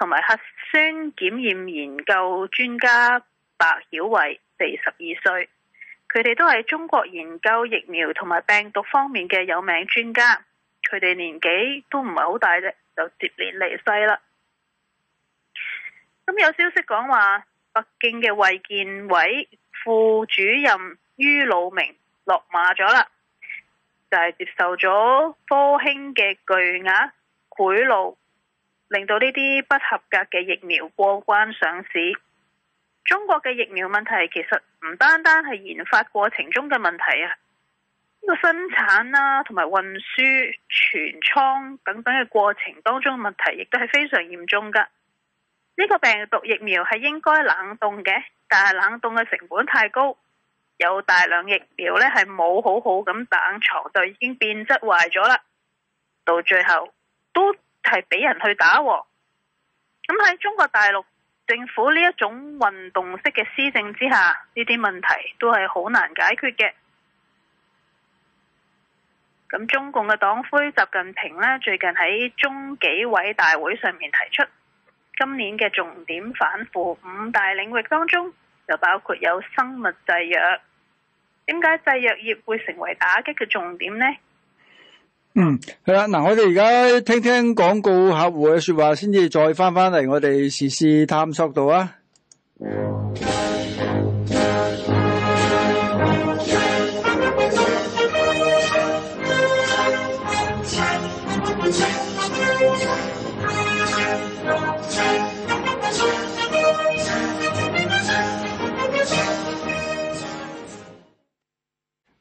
同埋核酸檢驗研究專家白曉慧，四十二歲，佢哋都係中國研究疫苗同埋病毒方面嘅有名專家，佢哋年紀都唔係好大啫，就接連離世啦。咁有消息講話，北京嘅衛健委副主任于魯明落馬咗啦，就係、是、接受咗科興嘅巨額賄賂。令到呢啲不合格嘅疫苗過關上市，中國嘅疫苗問題其實唔單單係研發過程中嘅問題啊，呢個生產啦同埋運輸、存倉等等嘅過程當中嘅問題，亦都係非常嚴重噶。呢個病毒疫苗係應該冷凍嘅，但係冷凍嘅成本太高，有大量疫苗呢係冇好好咁冷藏，就已經變質壞咗啦。到最後都。係俾人去打啊。咁喺中國大陸政府呢一種運動式嘅施政之下，呢啲問題都係好難解決嘅。咁中共嘅黨魁習近平呢，最近喺中紀委大會上面提出，今年嘅重點反腐五大領域當中，就包括有生物製藥。點解製藥業會成為打擊嘅重點呢？嗯，係啊，嗱，我哋而家聽聽廣告客戶嘅說話，先至再翻翻嚟我哋時事探索度啊。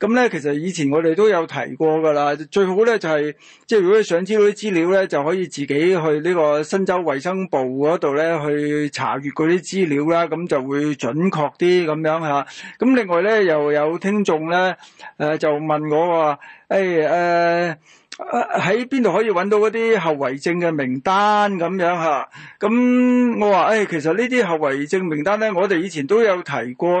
咁咧，其實以前我哋都有提過㗎啦。最好咧就係，是，即係如果你想知道啲資料咧，就可以自己去呢個新州衛生部嗰度咧去查閲嗰啲資料啦。咁就會準確啲咁樣。下，咁另外咧又有聽眾咧，呃，就問我話，誒、哎、誒。呃喺邊度可以揾到嗰啲後遺症嘅名單咁樣嚇？咁、啊、我話誒、哎，其實呢啲後遺症名單咧，我哋以前都有提過。咁、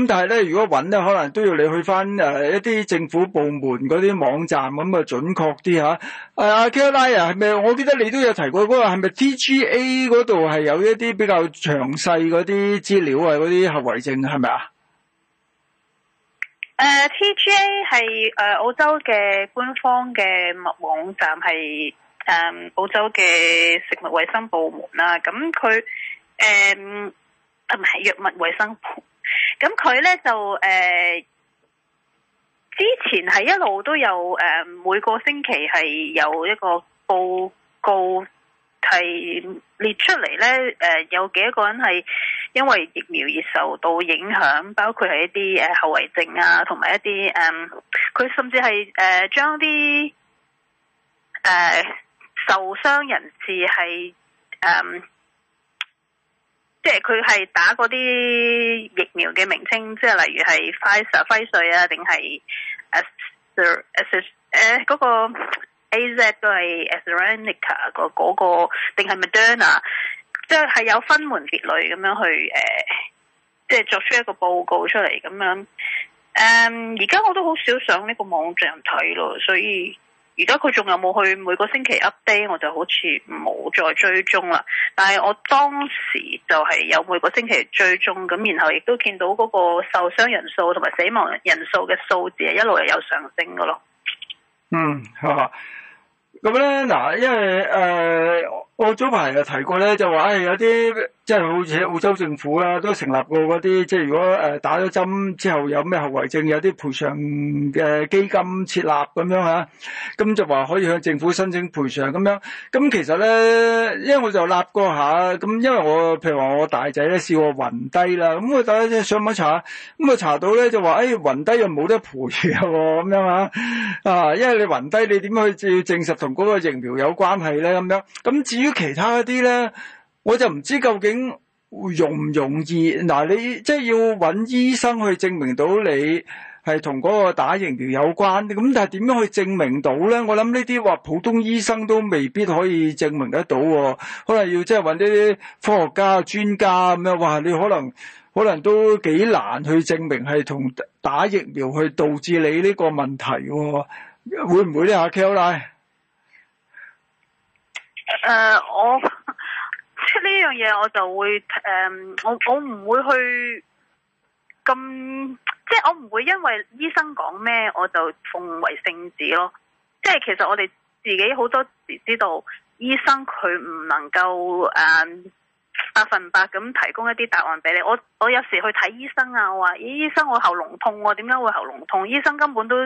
啊、但係咧，如果揾咧，可能都要你去翻、啊、一啲政府部門嗰啲網站咁啊準確啲嚇。阿阿 Khalil 啊，係、啊、咪？我記得你都有提過嗰個係咪 TGA 嗰度係有一啲比較詳細嗰啲資料啊？嗰啲後遺症係咪啊？是誒、uh,，TGA 係誒、uh, 澳洲嘅官方嘅物網站係誒、um, 澳洲嘅食物衛生部門啦，咁佢誒唔係藥物衛生部，咁佢咧就誒、uh, 之前係一路都有誒、um, 每個星期係有一個報告。係列出嚟咧，誒、呃，有幾多個人係因為疫苗而受到影響，包括係一啲誒、呃、後遺症啊，同埋一啲誒，佢、嗯、甚至係誒將啲誒受傷人士係誒、嗯就是，即係佢係打嗰啲疫苗嘅名稱，即係例如係 Pfizer 輝瑞啊，定係誒誒誒，嗰個。A、Z 都係 AstraZeneca 嗰、那個，定係 Moderna，即係有分門別類咁樣去誒，即、呃、係、就是、作出一個報告出嚟咁樣。誒、嗯，而家我都好少上呢個網站睇咯，所以而家佢仲有冇去每個星期 update，我就好似冇再追蹤啦。但係我當時就係有每個星期追蹤，咁然後亦都見到嗰個受傷人數同埋死亡人數嘅數字一路又有上升嘅咯。嗯。哈哈咁咧，嗱，因為誒、呃，我早排又提過咧，就話誒、哎，有啲。即係好似澳洲政府啦、啊，都成立過嗰啲，即係如果、呃、打咗針之後有咩後遺症，有啲賠償嘅、呃、基金設立咁樣嚇、啊，咁就話可以向政府申請賠償咁樣、啊。咁其實咧，因為我就立過下，咁因為我譬如話我大仔咧試過暈低啦，咁我大仔即係上網查，咁我查到咧就話誒、哎、暈低又冇得賠嘅喎，咁樣啊，啊，因為你暈低你點去要證實同嗰個疫苗有關係咧咁樣、啊。咁至於其他嗰啲咧。我就唔知究竟容唔容易嗱，你即係、就是、要揾醫生去證明到你係同嗰個打疫苗有關咁，但係點樣去證明到咧？我諗呢啲話普通醫生都未必可以證明得到、喎，可能要即係揾啲科學家、專家咁樣。哇，你可能可能都幾難去證明係同打疫苗去導致你呢個問題、喎，會唔會呢阿 Kella，誒，uh, 我。出呢樣嘢，我就會誒、呃，我我唔會去咁，即係我唔會因為醫生講咩我就奉為聖旨咯。即係其實我哋自己好多時知道醫生佢唔能夠誒百分百咁提供一啲答案俾你。我我有時去睇醫生啊，我話、哎、醫生我喉嚨痛、啊，我點解會喉嚨痛？醫生根本都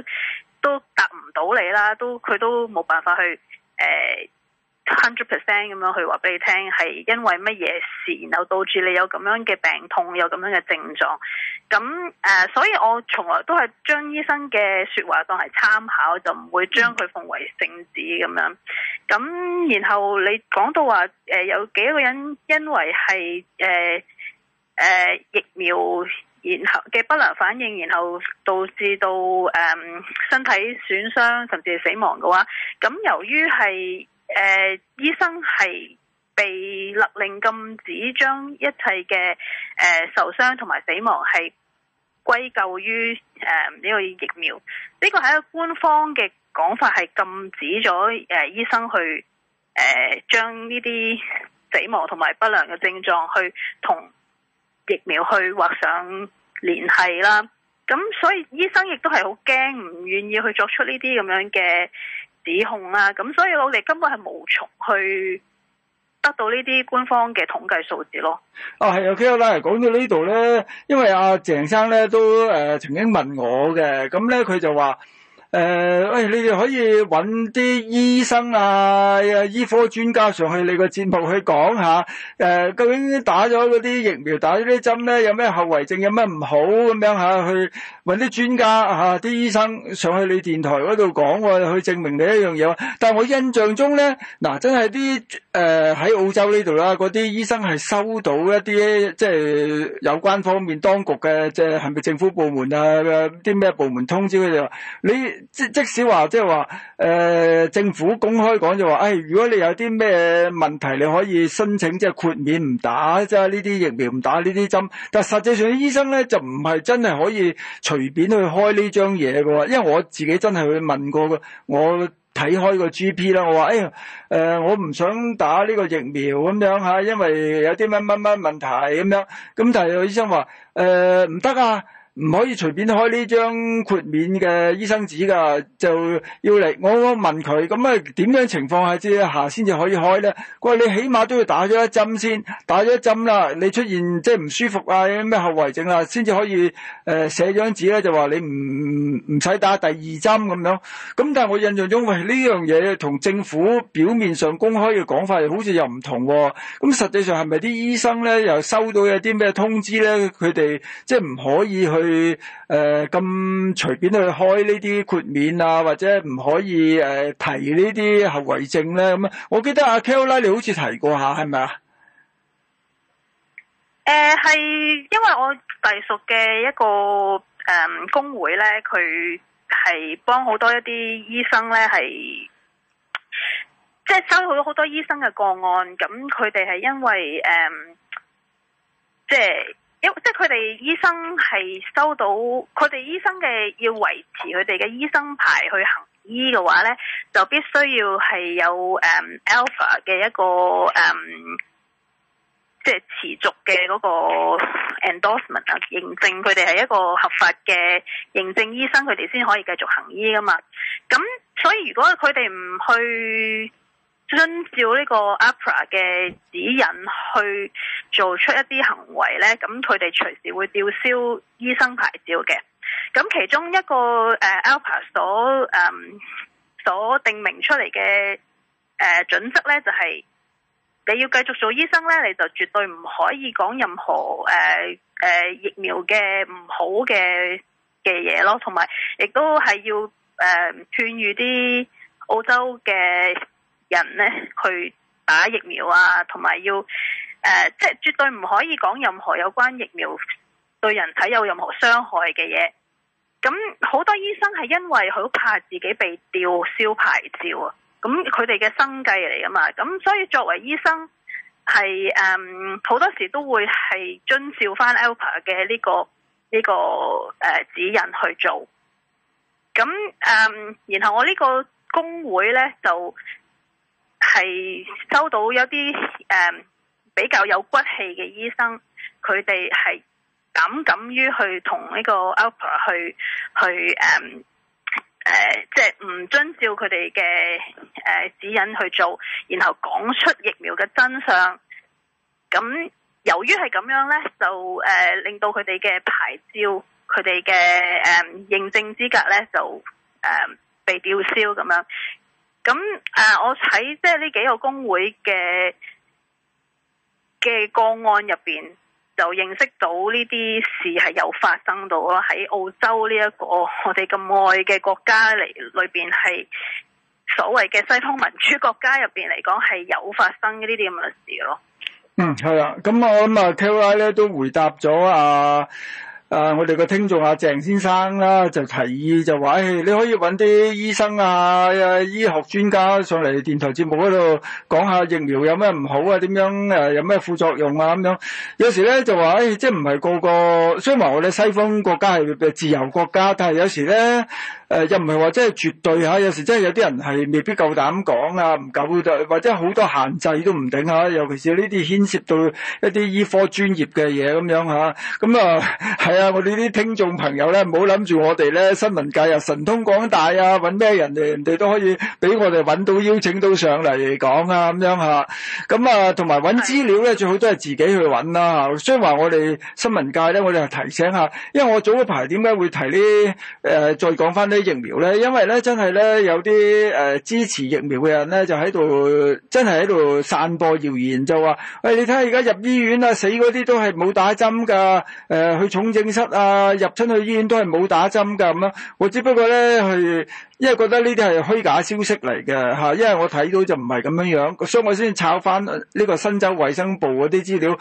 都答唔到你啦，都佢都冇辦法去誒。呃 hundred percent 咁樣去話俾你聽，係因為乜嘢事，然後導致你有咁樣嘅病痛，有咁樣嘅症狀。咁誒、呃，所以我從來都係將醫生嘅說話當係參考，就唔會將佢奉為聖旨咁樣。咁然後你講到話誒、呃，有幾個人因為係誒誒疫苗，然後嘅不良反應，然後導致到誒、呃、身體損傷甚至死亡嘅話，咁由於係。誒、呃，醫生係被勒令禁止將一切嘅誒、呃、受傷同埋死亡係歸咎於誒呢個疫苗。呢個係一個官方嘅講法，係禁止咗誒、呃、醫生去誒將呢啲死亡同埋不良嘅症狀去同疫苗去畫上聯繫啦。咁所以醫生亦都係好驚，唔願意去作出呢啲咁樣嘅。指控啦、啊，咁所以我哋根本係無從去得到呢啲官方嘅統計數字咯。哦、啊，係啊，OK，啦，講到呢度咧，因為阿、啊、鄭生咧都誒、呃、曾經問我嘅，咁咧佢就話。誒，喂，你哋可以揾啲醫生啊、醫科專家上去你個節目去講一下，誒、呃，究竟打咗嗰啲疫苗、打咗啲針咧，有咩後遺症，有咩唔好咁樣下、啊、去揾啲專家嚇、啊、啲、啊、醫生上去你電台嗰度講喎、啊，去證明你一樣嘢。但係我印象中咧，嗱、啊，真係啲誒喺澳洲呢度啦，嗰啲醫生係收到一啲即係有關方面當局嘅，即係係咪政府部門啊啲咩部門通知佢哋話你。即即使話即係話誒，政府公開講就話，誒、哎，如果你有啲咩問題，你可以申請即係豁免唔打，即係呢啲疫苗唔打呢啲針。但係實際上啲醫生咧就唔係真係可以隨便去開呢張嘢喎，因為我自己真係去問過，我睇開個 GP 啦，我話哎呀誒，我唔想打呢個疫苗咁樣吓，因為有啲乜乜乜問題咁樣。咁但係有醫生話，誒、呃，唔得啊。唔可以隨便開呢張豁免嘅醫生紙噶就要嚟，我問佢咁啊，點樣情況下之下先至可以開咧？佢話你起碼都要打咗一針先，打咗一針啦，你出現即係唔舒服啊，有啲咩後遺症啊，先至可以誒寫張紙咧，就話你唔唔使打第二針咁樣。咁但係我印象中，喂呢樣嘢同政府表面上公開嘅講法好似又唔同，哦，咁實際上係咪啲醫生咧又收到一啲咩通知咧？佢哋即係唔可以去。去誒咁隨便去開呢啲豁免啊，或者唔可以誒、呃、提這些遺呢啲後遺症咧咁啊！我記得阿 Kelly 你好似提過下係咪啊？誒，係、呃、因為我隸屬嘅一個誒、呃、工會咧，佢係幫好多一啲醫生咧，係即係收到好多醫生嘅個案，咁佢哋係因為誒、呃、即係。即係佢哋醫生係收到，佢哋醫生嘅要維持佢哋嘅醫生牌去行醫嘅話呢就必須要係有誒、um, Alpha 嘅一個誒，即、um, 係持續嘅嗰個 endorsement 啊，認證佢哋係一個合法嘅認證醫生，佢哋先可以繼續行醫噶嘛。咁所以如果佢哋唔去，遵照呢個 AHPRA 嘅指引去做出一啲行為呢，咁佢哋隨時會吊銷醫生牌照嘅。咁其中一個誒 AHPRA 所誒、嗯、所定明出嚟嘅誒準則呢，就係、是、你要繼續做醫生呢，你就絕對唔可以講任何誒誒、嗯嗯、疫苗嘅唔好嘅嘅嘢咯，同埋亦都係要誒、嗯、勸喻啲澳洲嘅。人咧去打疫苗啊，同埋要誒、呃，即係絕對唔可以講任何有關疫苗對人體有任何傷害嘅嘢。咁好多醫生係因為佢好怕自己被吊銷牌照啊，咁佢哋嘅生計嚟啊嘛，咁所以作為醫生係誒、好、嗯、多時都會係遵照翻 ALPA 嘅呢個呢、呢個誒、呃、指引去做。咁誒、嗯，然後我呢個工會咧就，係收到一啲誒、嗯、比較有骨氣嘅醫生，佢哋係敢敢於去同呢個 Alpha 去去誒誒，即係唔遵照佢哋嘅誒指引去做，然後講出疫苗嘅真相。咁由於係咁樣咧，就誒、呃、令到佢哋嘅牌照，佢哋嘅誒認證資格咧，就誒、呃、被吊銷咁樣。咁誒，我睇即係呢幾個工會嘅嘅個案入邊，就認識到呢啲事係有發生到咯。喺澳洲呢一個我哋咁愛嘅國家嚟裏邊，係所謂嘅西方民主國家入邊嚟講，係有發生呢啲咁嘅事咯。嗯，係啦。咁我諗啊，QI 咧都回答咗啊。啊！我哋個聽眾阿鄭先生啦，就提議就話：哎，你可以搵啲醫生啊、醫學專家上嚟電台節目嗰度講下疫苗有咩唔好啊？點樣誒？有咩副作用啊？咁樣，有時咧就話：誒、哎，即係唔係個個。雖然話我哋西方國家係自由國家，但係有時咧。誒，又唔係話真係絕對吓，有時真係有啲人係未必夠膽講啊，唔夠或者好多限制都唔定吓，尤其是呢啲牽涉到一啲醫科專業嘅嘢咁樣吓，咁啊係啊，我哋啲聽眾朋友咧，唔好諗住我哋咧新聞界又神通廣大啊，搵咩人哋人哋都可以俾我哋搵到、邀請到上嚟講啊咁樣吓，咁啊同埋搵資料咧，最好都係自己去搵啦吓，雖然話我哋新聞界咧，我哋係提醒下，因為我早排點解會提呢，誒，再講翻。疫苗咧，因為咧真係咧有啲誒、呃、支持疫苗嘅人咧，就喺度真係喺度散播謠言，就話：喂、哎，你睇下而家入醫院啊，死嗰啲都係冇打針㗎，誒、呃，去重症室啊，入親去醫院都係冇打針㗎咁樣。我只不過咧去。因為覺得呢啲係虛假消息嚟嘅吓，因為我睇到就唔係咁樣樣，所以我先炒翻呢個新州衛生部嗰啲資料。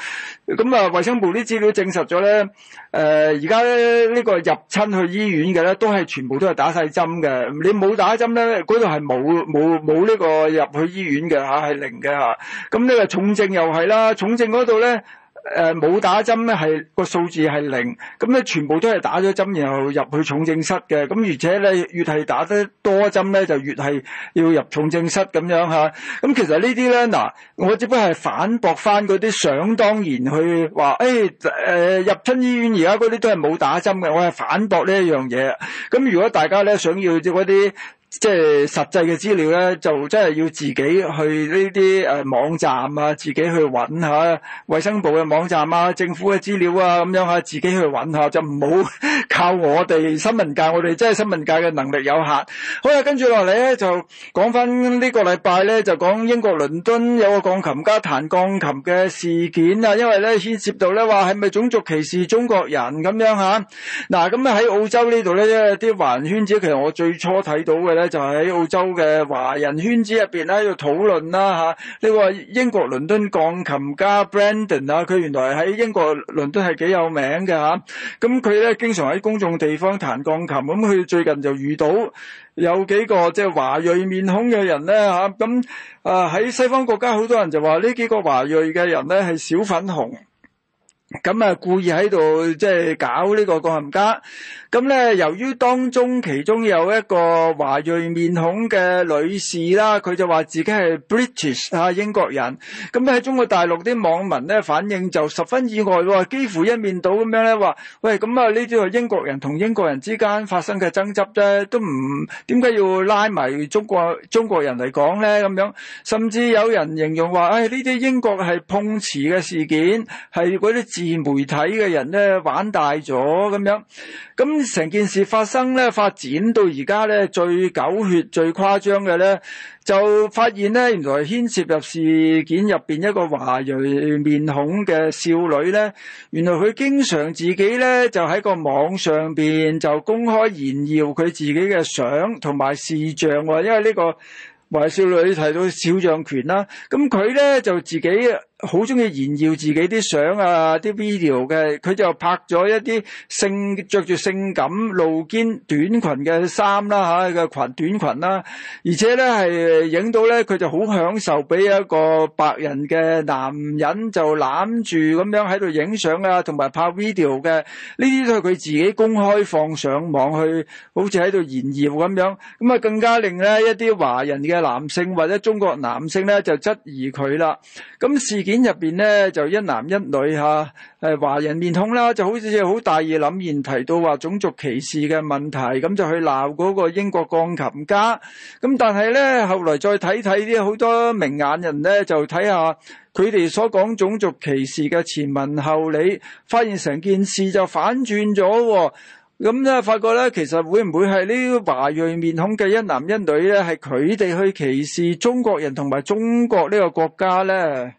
咁啊，衛生部啲資料證實咗咧，誒、呃，而家呢個入親去醫院嘅咧，都係全部都係打晒針嘅。你冇打針咧，嗰度係冇冇冇呢個入去醫院嘅吓，係零嘅吓。咁呢個重症又係啦，重症嗰度咧。誒、呃，冇打針咧，係個數字係零，咁咧全部都係打咗針，然後入去重症室嘅，咁而且咧越係打得多針咧，就越係要入重症室咁樣吓。咁其實呢啲咧，嗱，我只不過係反駁翻嗰啲想當然去話，誒，誒、欸，入、呃、親醫院而家嗰啲都係冇打針嘅，我係反駁呢一樣嘢。咁如果大家咧想要嗰啲。即係實際嘅資料咧，就真係要自己去呢啲誒網站啊，自己去揾下衛生部嘅網站啊，政府嘅資料啊，咁樣吓、啊，自己去揾下，就唔好靠我哋新聞界，我哋真係新聞界嘅能力有限。好啦、啊，跟住落嚟咧，就講翻呢個禮拜咧，就講英國倫敦有個鋼琴家彈鋼琴嘅事件啊，因為咧牽涉到咧話係咪種族歧視中國人咁樣吓、啊。嗱咁啊喺澳洲呢度咧，啲環圈子其實我最初睇到嘅咧。就喺、是、澳洲嘅華人圈子入邊咧，要討論啦嚇。你話英國倫敦鋼琴家 Brandon 啊，佢原來喺英國倫敦係幾有名嘅嚇。咁佢咧經常喺公眾地方彈鋼琴。咁佢最近就遇到有幾個即係華裔面孔嘅人咧嚇。咁啊喺西方國家好多人就話呢幾個華裔嘅人咧係小粉紅。咁啊故意喺度即係搞呢個鋼琴家。咁咧，由於當中其中有一個華裔面孔嘅女士啦，佢就話自己係 British 啊，英國人。咁咧喺中國大陸啲網民咧反應就十分意外喎，幾乎一面倒咁樣咧話：喂，咁啊呢啲英國人同英國人之間發生嘅爭執啫，都唔點解要拉埋中國中國人嚟講咧？咁樣甚至有人形容話：誒呢啲英國係碰瓷嘅事件，係嗰啲自媒體嘅人咧玩大咗咁樣。咁成件事發生咧，發展到而家咧，最狗血、最誇張嘅咧，就發現咧，原來牽涉入事件入面一個華裔面孔嘅少女咧，原來佢經常自己咧就喺個網上面就公開炫耀佢自己嘅相同埋視像喎，因為呢個華裔少女提到肖像權啦，咁佢咧就自己，好中意炫耀自己啲相啊，啲 video 嘅，佢就拍咗一啲性着住性感露肩短裙嘅衫啦，吓嘅裙短裙啦，而且咧係影到咧，佢就好享受俾一個白人嘅男人就攬住咁樣喺度影相啊，同埋拍 video 嘅，呢啲都係佢自己公開放上網去，好似喺度炫耀咁樣，咁啊更加令咧一啲華人嘅男性或者中國男性咧就質疑佢啦，咁事件。片入邊咧就一男一女吓，誒，華人面孔啦，就好似好大義凜然噉提到話種族歧視嘅問題，咁就去鬧嗰個英國鋼琴家。咁但係咧，後來再睇睇啲好多明眼人咧，就睇下佢哋所講種族歧視嘅前文後理，發現成件事就反轉咗。咁咧，發覺咧，其實會唔會係呢啲華裔面孔嘅一男一女咧，係佢哋去歧視中國人同埋中國呢個國家咧？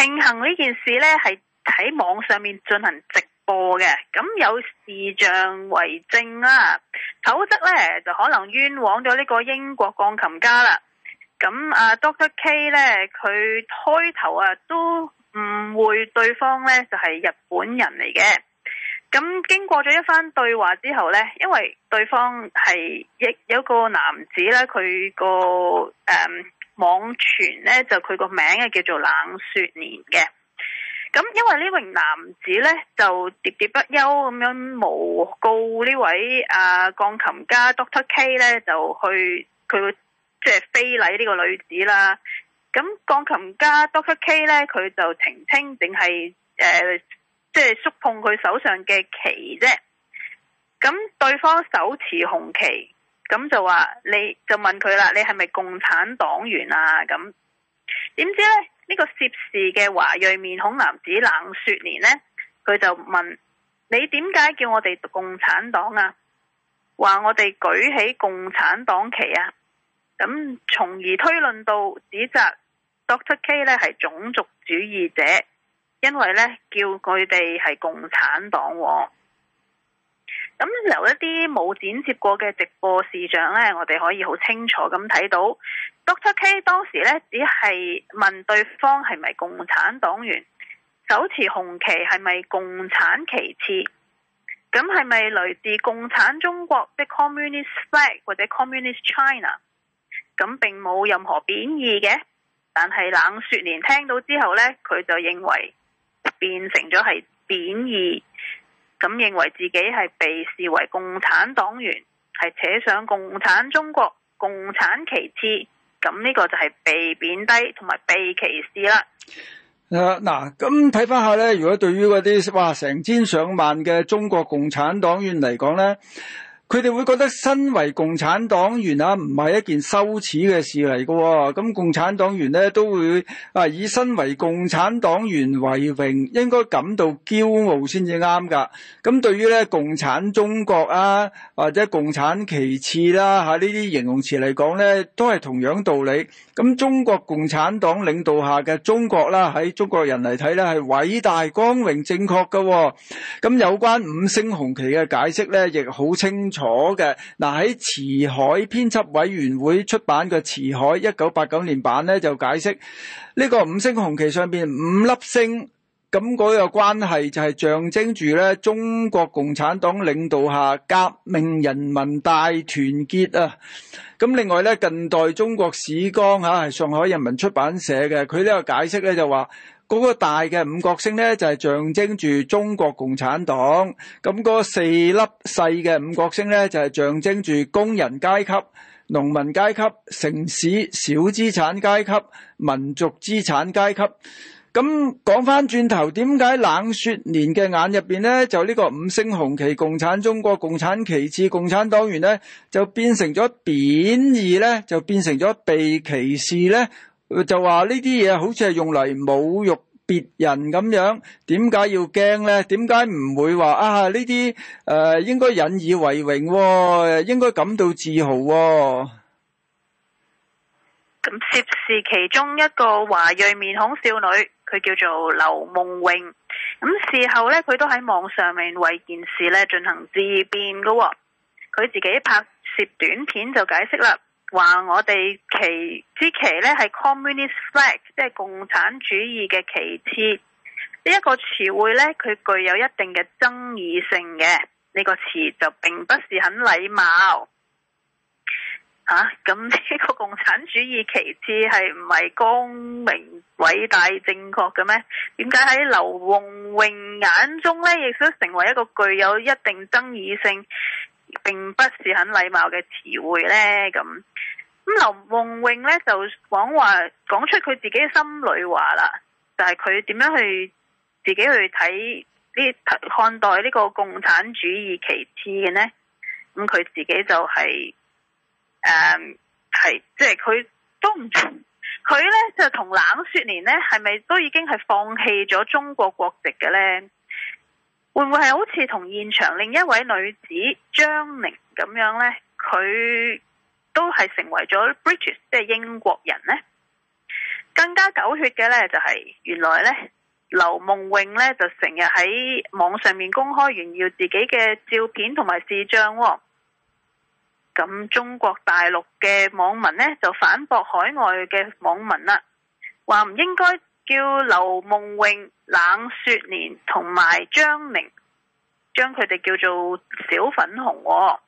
慶幸呢件事呢，係喺網上面進行直播嘅，咁有視像為證啦、啊。否則呢，就可能冤枉咗呢個英國鋼琴家啦。咁啊，Dr K 呢，佢開頭啊都誤會對方呢，就係、是、日本人嚟嘅。咁經過咗一番對話之後呢，因為對方係亦有一個男子呢，佢、那個誒。嗯網傳咧就佢個名係叫做冷雪年嘅，咁因為呢名男子咧就喋喋不休咁樣誣告呢位啊鋼琴家 Doctor K 咧就去佢即係非禮呢個女子啦，咁鋼琴家 Doctor K 咧佢就澄清，定係誒即係觸碰佢手上嘅旗啫，咁對方手持紅旗。咁就話，你就問佢啦，你係咪共產黨員啊？咁點知呢，呢、呢個涉事嘅華裔面孔男子冷雪年呢，佢就問：你點解叫我哋共產黨啊？話我哋舉起共產黨旗啊！咁從而推論到指責 Dr. K 呢係種族主義者，因為呢，叫佢哋係共產黨、哦。咁留一啲冇剪接過嘅直播視像呢，我哋可以好清楚咁睇到，Doctor K 當時呢，只係問對方係咪共產黨員，手持紅旗係咪共產旗幟，咁係咪來自共產中國的 Communist Flag 或者 Communist China？咁並冇任何貶義嘅，但係冷雪蓮聽到之後呢，佢就認為變成咗係貶義。咁認為自己係被視為共產黨員，係扯上共產中國、共產歧視，咁呢個就係被貶低同埋被歧視啦。嗱、呃，咁睇翻下咧，如果對於嗰啲話成千上萬嘅中國共產黨員嚟講咧。佢哋會覺得身為共產黨員啊，唔係一件羞恥嘅事嚟嘅喎。咁共產黨員呢，都會以身為共產黨員為榮，應該感到驕傲先至啱噶。咁對於呢共產中國啊，或者共產旗幟啦嚇呢啲形容詞嚟講呢，都係同樣道理。咁中國共產黨領導下嘅中國啦，喺中國人嚟睇呢，係偉大、光榮、正確㗎喎。咁有關五星紅旗嘅解釋呢，亦好清楚。楚嘅，嗱，喺《辭海》編輯委員會出版嘅《辭海》一九八九年版咧，就解釋呢個五星紅旗上邊五粒星。咁嗰個關係就係象徵住咧中國共產黨領導下革命人民大團結啊！咁另外咧，近代中國史綱啊係上海人民出版社嘅，佢呢個解釋咧就話嗰個大嘅五角星咧就係象徵住中國共產黨，咁嗰個四粒細嘅五角星咧就係象徵住工人階級、農民階級、城市小資產階級、民族資產階級。咁講翻轉頭，點解冷雪年嘅眼入邊呢？就呢個五星紅旗、共產中國、共產旗幟、共產黨員呢，就變成咗貶義呢，就變成咗被歧視呢？就話呢啲嘢好似係用嚟侮辱別人咁樣，點解要驚呢？點解唔會話啊？呢啲誒應該引以為榮哦，應該感到自豪哦。咁涉事其中一個華裔面孔少女。佢叫做劉夢穎，咁事後咧，佢都喺網上面為件事咧進行自辯噶喎。佢自己拍攝短片就解釋啦，話我哋旗之旗咧係 communist flag，即係共產主義嘅旗幟」這個呢。呢一個詞彙咧，佢具有一定嘅爭議性嘅，呢、這個詞就並不是很禮貌。吓，咁呢個共產主義旗幟係唔係光明偉大正確嘅咩？點解喺劉夢穎眼中咧，亦都成為一個具有一定爭議性，並不是很禮貌嘅詞彙咧？咁咁劉夢穎咧就講話講出佢自己心裏話啦，就係佢點樣去自己去睇呢，看待呢個共產主義旗幟嘅呢？咁佢自己就係、是。誒，係，即係佢都唔，佢咧就同冷雪蓮咧，係咪都已經係放棄咗中國國籍嘅咧？會唔會係好似同現場另一位女子張寧咁樣咧？佢都係成為咗 British，即係英國人咧？更加狗血嘅咧就係、是，原來咧劉夢穎咧就成日喺網上面公開炫耀自己嘅照片同埋視像、哦。咁中國大陸嘅網民呢，就反駁海外嘅網民啦，話唔應該叫劉夢穎、冷雪蓮同埋張明將佢哋叫做小粉紅喎。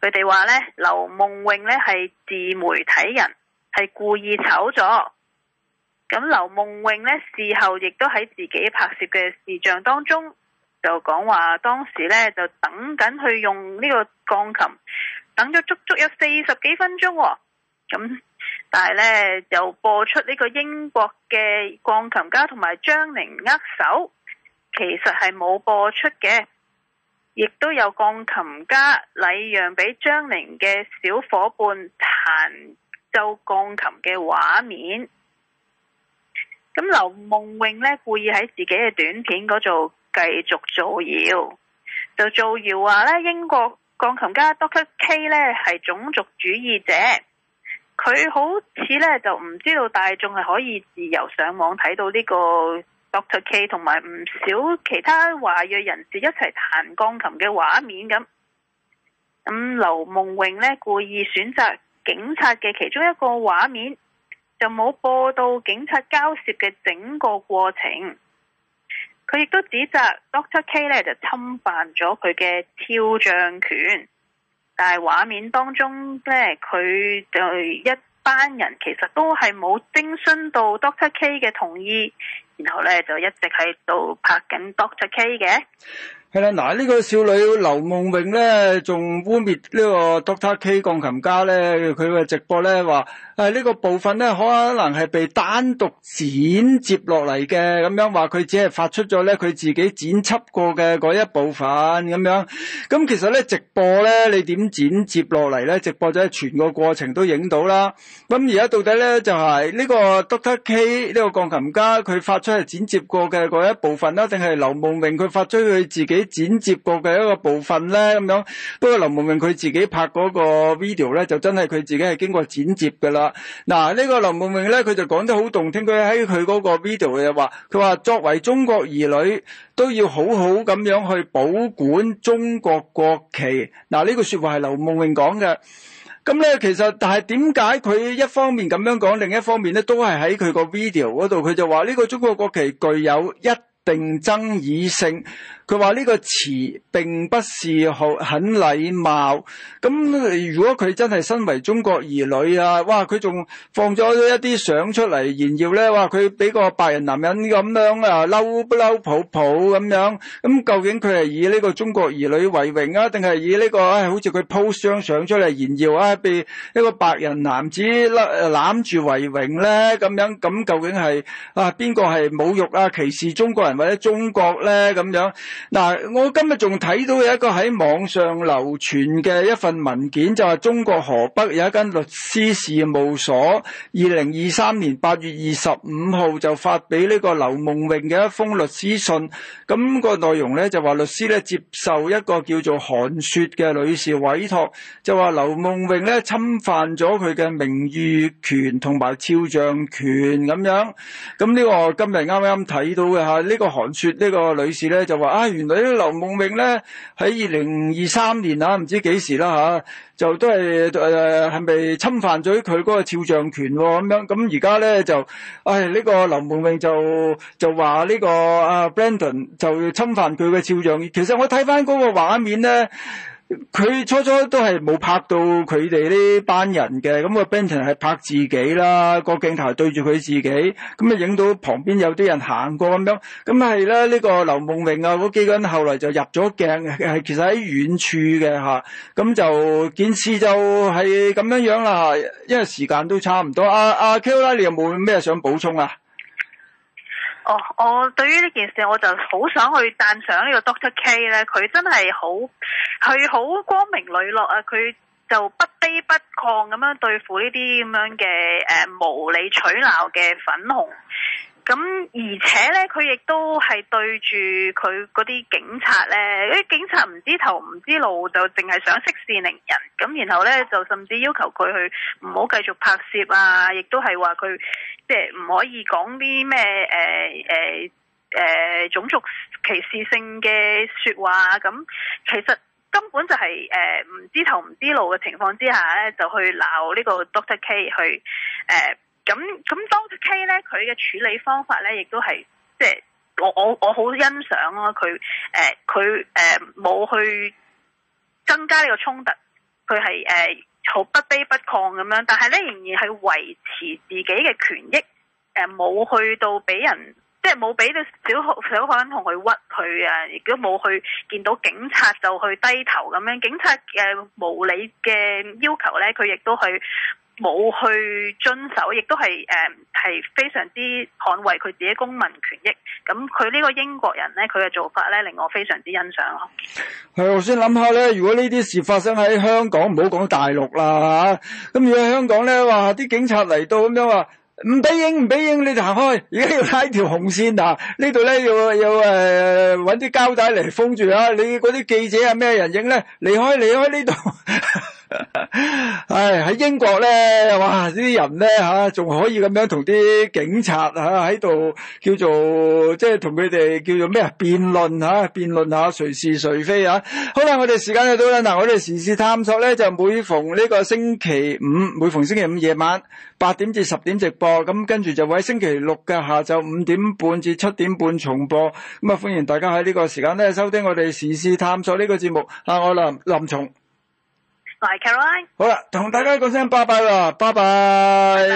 佢哋話呢，劉夢穎呢係自媒體人，係故意炒作。咁劉夢穎呢，事後亦都喺自己拍攝嘅視像當中就講話當時呢，就等緊去用呢個鋼琴。等咗足足有四十幾分鐘哦，咁但係呢，又播出呢個英國嘅鋼琴家同埋張寧握手，其實係冇播出嘅，亦都有鋼琴家禮讓俾張寧嘅小伙伴彈奏鋼琴嘅畫面。咁劉夢穎呢，故意喺自己嘅短片嗰度繼續造謠，就造謠話呢英國。鋼琴家 Doctor K 呢係種族主義者，佢好似呢就唔知道大眾係可以自由上網睇到呢個 Doctor K 同埋唔少其他華裔人士一齊彈鋼琴嘅畫面咁。咁劉夢穎呢故意選擇警察嘅其中一個畫面，就冇播到警察交涉嘅整個過程。佢亦都指責 Doctor K 咧就侵犯咗佢嘅肖像權，但係畫面當中咧，佢就一班人其實都係冇徵詢到 Doctor K 嘅同意，然後咧就一直喺度拍緊 Doctor K 嘅。係啦，嗱、這、呢個少女劉夢穎咧，仲污蔑呢個 Doctor K 鋼琴家咧，佢嘅直播咧話。誒，呢個部分咧，可能係被單獨剪接落嚟嘅，咁樣話佢只係發出咗咧佢自己剪輯過嘅一部分咁樣。咁、嗯、其實咧直播咧，你點剪接落嚟咧？直播就係全個過程都影到啦。咁而家到底咧就係、是、呢個 Doctor K 呢個鋼琴家佢發出係剪接過嘅一部分啦，定係劉夢穎佢發出佢自己剪接過嘅一個部分咧？咁樣？不過劉夢穎佢自己拍嗰個 video 咧，就真係佢自己係經過剪接噶啦。嗱、啊、呢、這個劉夢穎咧，佢就講得好動聽。佢喺佢嗰個 video 佢就話：佢話作為中國兒女，都要好好咁樣去保管中國國旗。嗱、啊、呢、這個說話係劉夢穎講嘅。咁、嗯、咧，其實但係點解佢一方面咁樣講，另一方面咧都係喺佢個 video 嗰度，佢就話呢個中國國旗具有一定爭議性，佢話呢個詞並不是好很禮貌。咁如果佢真係身為中國兒女啊，哇，佢仲放咗一啲相出嚟炫耀咧，哇，佢俾個白人男人咁樣啊嬲不嬲抱抱咁樣。咁究竟佢係以呢個中國兒女為榮啊，定係以呢個誒好似佢 post 張相出嚟炫耀啊，被一個白人男子攬住為榮咧？咁樣咁究竟係啊邊個係侮辱啊歧視中國人？或者中國咧咁樣嗱、啊，我今日仲睇到有一個喺網上流傳嘅一份文件，就係中國河北有一間律師事務所，二零二三年八月二十五號就發俾呢個劉夢穎嘅一封律師信。咁、那個內容咧就話律師咧接受一個叫做韓雪嘅女士委託，就話劉夢穎咧侵犯咗佢嘅名譽權同埋肖像權咁樣。咁呢個我今日啱啱睇到嘅吓呢個。韓雪呢個女士咧就話啊，原來呢個劉夢穎咧喺二零二三年啊，唔知幾時啦吓，就都係誒係咪侵犯咗佢嗰個肖像權咁樣？咁而家咧就，誒呢個劉夢穎就就話呢個阿 Brandon 就要侵犯佢嘅肖像。其實我睇翻嗰個畫面咧。佢初初都係冇拍到佢哋呢班人嘅，咁個 Benton 係拍自己啦，個鏡頭對住佢自己，咁咪影到旁邊有啲人行過咁樣，咁係啦，呢個劉夢穎啊嗰幾個人後來就入咗鏡，係其實喺遠處嘅，咁就件事就係咁樣樣啦，因為時間都差唔多，阿、啊、阿、啊、Kelley，你有冇咩想補充啊？哦、oh，我對於呢件事，我就好想去讚賞呢個 Doctor K 咧，佢真係好，佢好光明磊落啊！佢就不卑不亢咁樣對付呢啲咁樣嘅誒、呃、無理取鬧嘅粉紅。咁而且咧，佢亦都係對住佢嗰啲警察咧，啲警察唔知頭唔知路，就淨係想息事寧人。咁然後咧，就甚至要求佢去唔好繼續拍攝啊，亦都係話佢即係唔可以講啲咩誒誒誒種族歧視性嘅説話。咁其實根本就係誒唔知頭唔知路嘅情況之下咧，就去鬧呢個 Doctor K 去誒。呃咁咁，多 K 咧，佢嘅處理方法咧，亦都係即係我我我好欣賞咯、啊。佢誒佢誒冇去增加呢個衝突，佢係誒好不卑不亢咁樣。但係咧，仍然係維持自己嘅權益誒、冇去到俾人即係冇俾到小學小學生同佢屈佢啊！亦都冇去見到警察就去低頭咁樣。警察嘅無理嘅要求咧，佢亦都去冇去遵守，亦都係係、嗯、非常之捍衞佢自己公民權益。咁佢呢個英國人咧，佢嘅做法咧令我非常之欣賞咯。係，我先諗下咧，如果呢啲事發生喺香港，唔好講大陸啦咁、啊、如果香港咧，話啲警察嚟到咁就話，唔俾影唔俾影，你就行開。而家要拉條紅線嗱，啊、呢度咧要要誒搵啲膠帶嚟封住啊！你嗰啲記者係咩人影咧？離開離開呢度。 唉，喺英國咧，哇！呢啲人咧吓，仲可以咁樣同啲警察吓喺度叫做，即係同佢哋叫做咩啊辯論吓，辯論下誰是誰非啊！好啦，我哋時間又到啦，嗱、啊，我哋時事探索咧就每逢呢個星期五，每逢星期五夜晚八點至十點直播，咁跟住就會喺星期六嘅下晝五點半至七點半重播，咁啊歡迎大家喺呢個時間咧收聽我哋時事探索呢個節目。阿、啊、我林林松。Bye Caroline，好啦，同大家講聲拜拜啦，拜拜。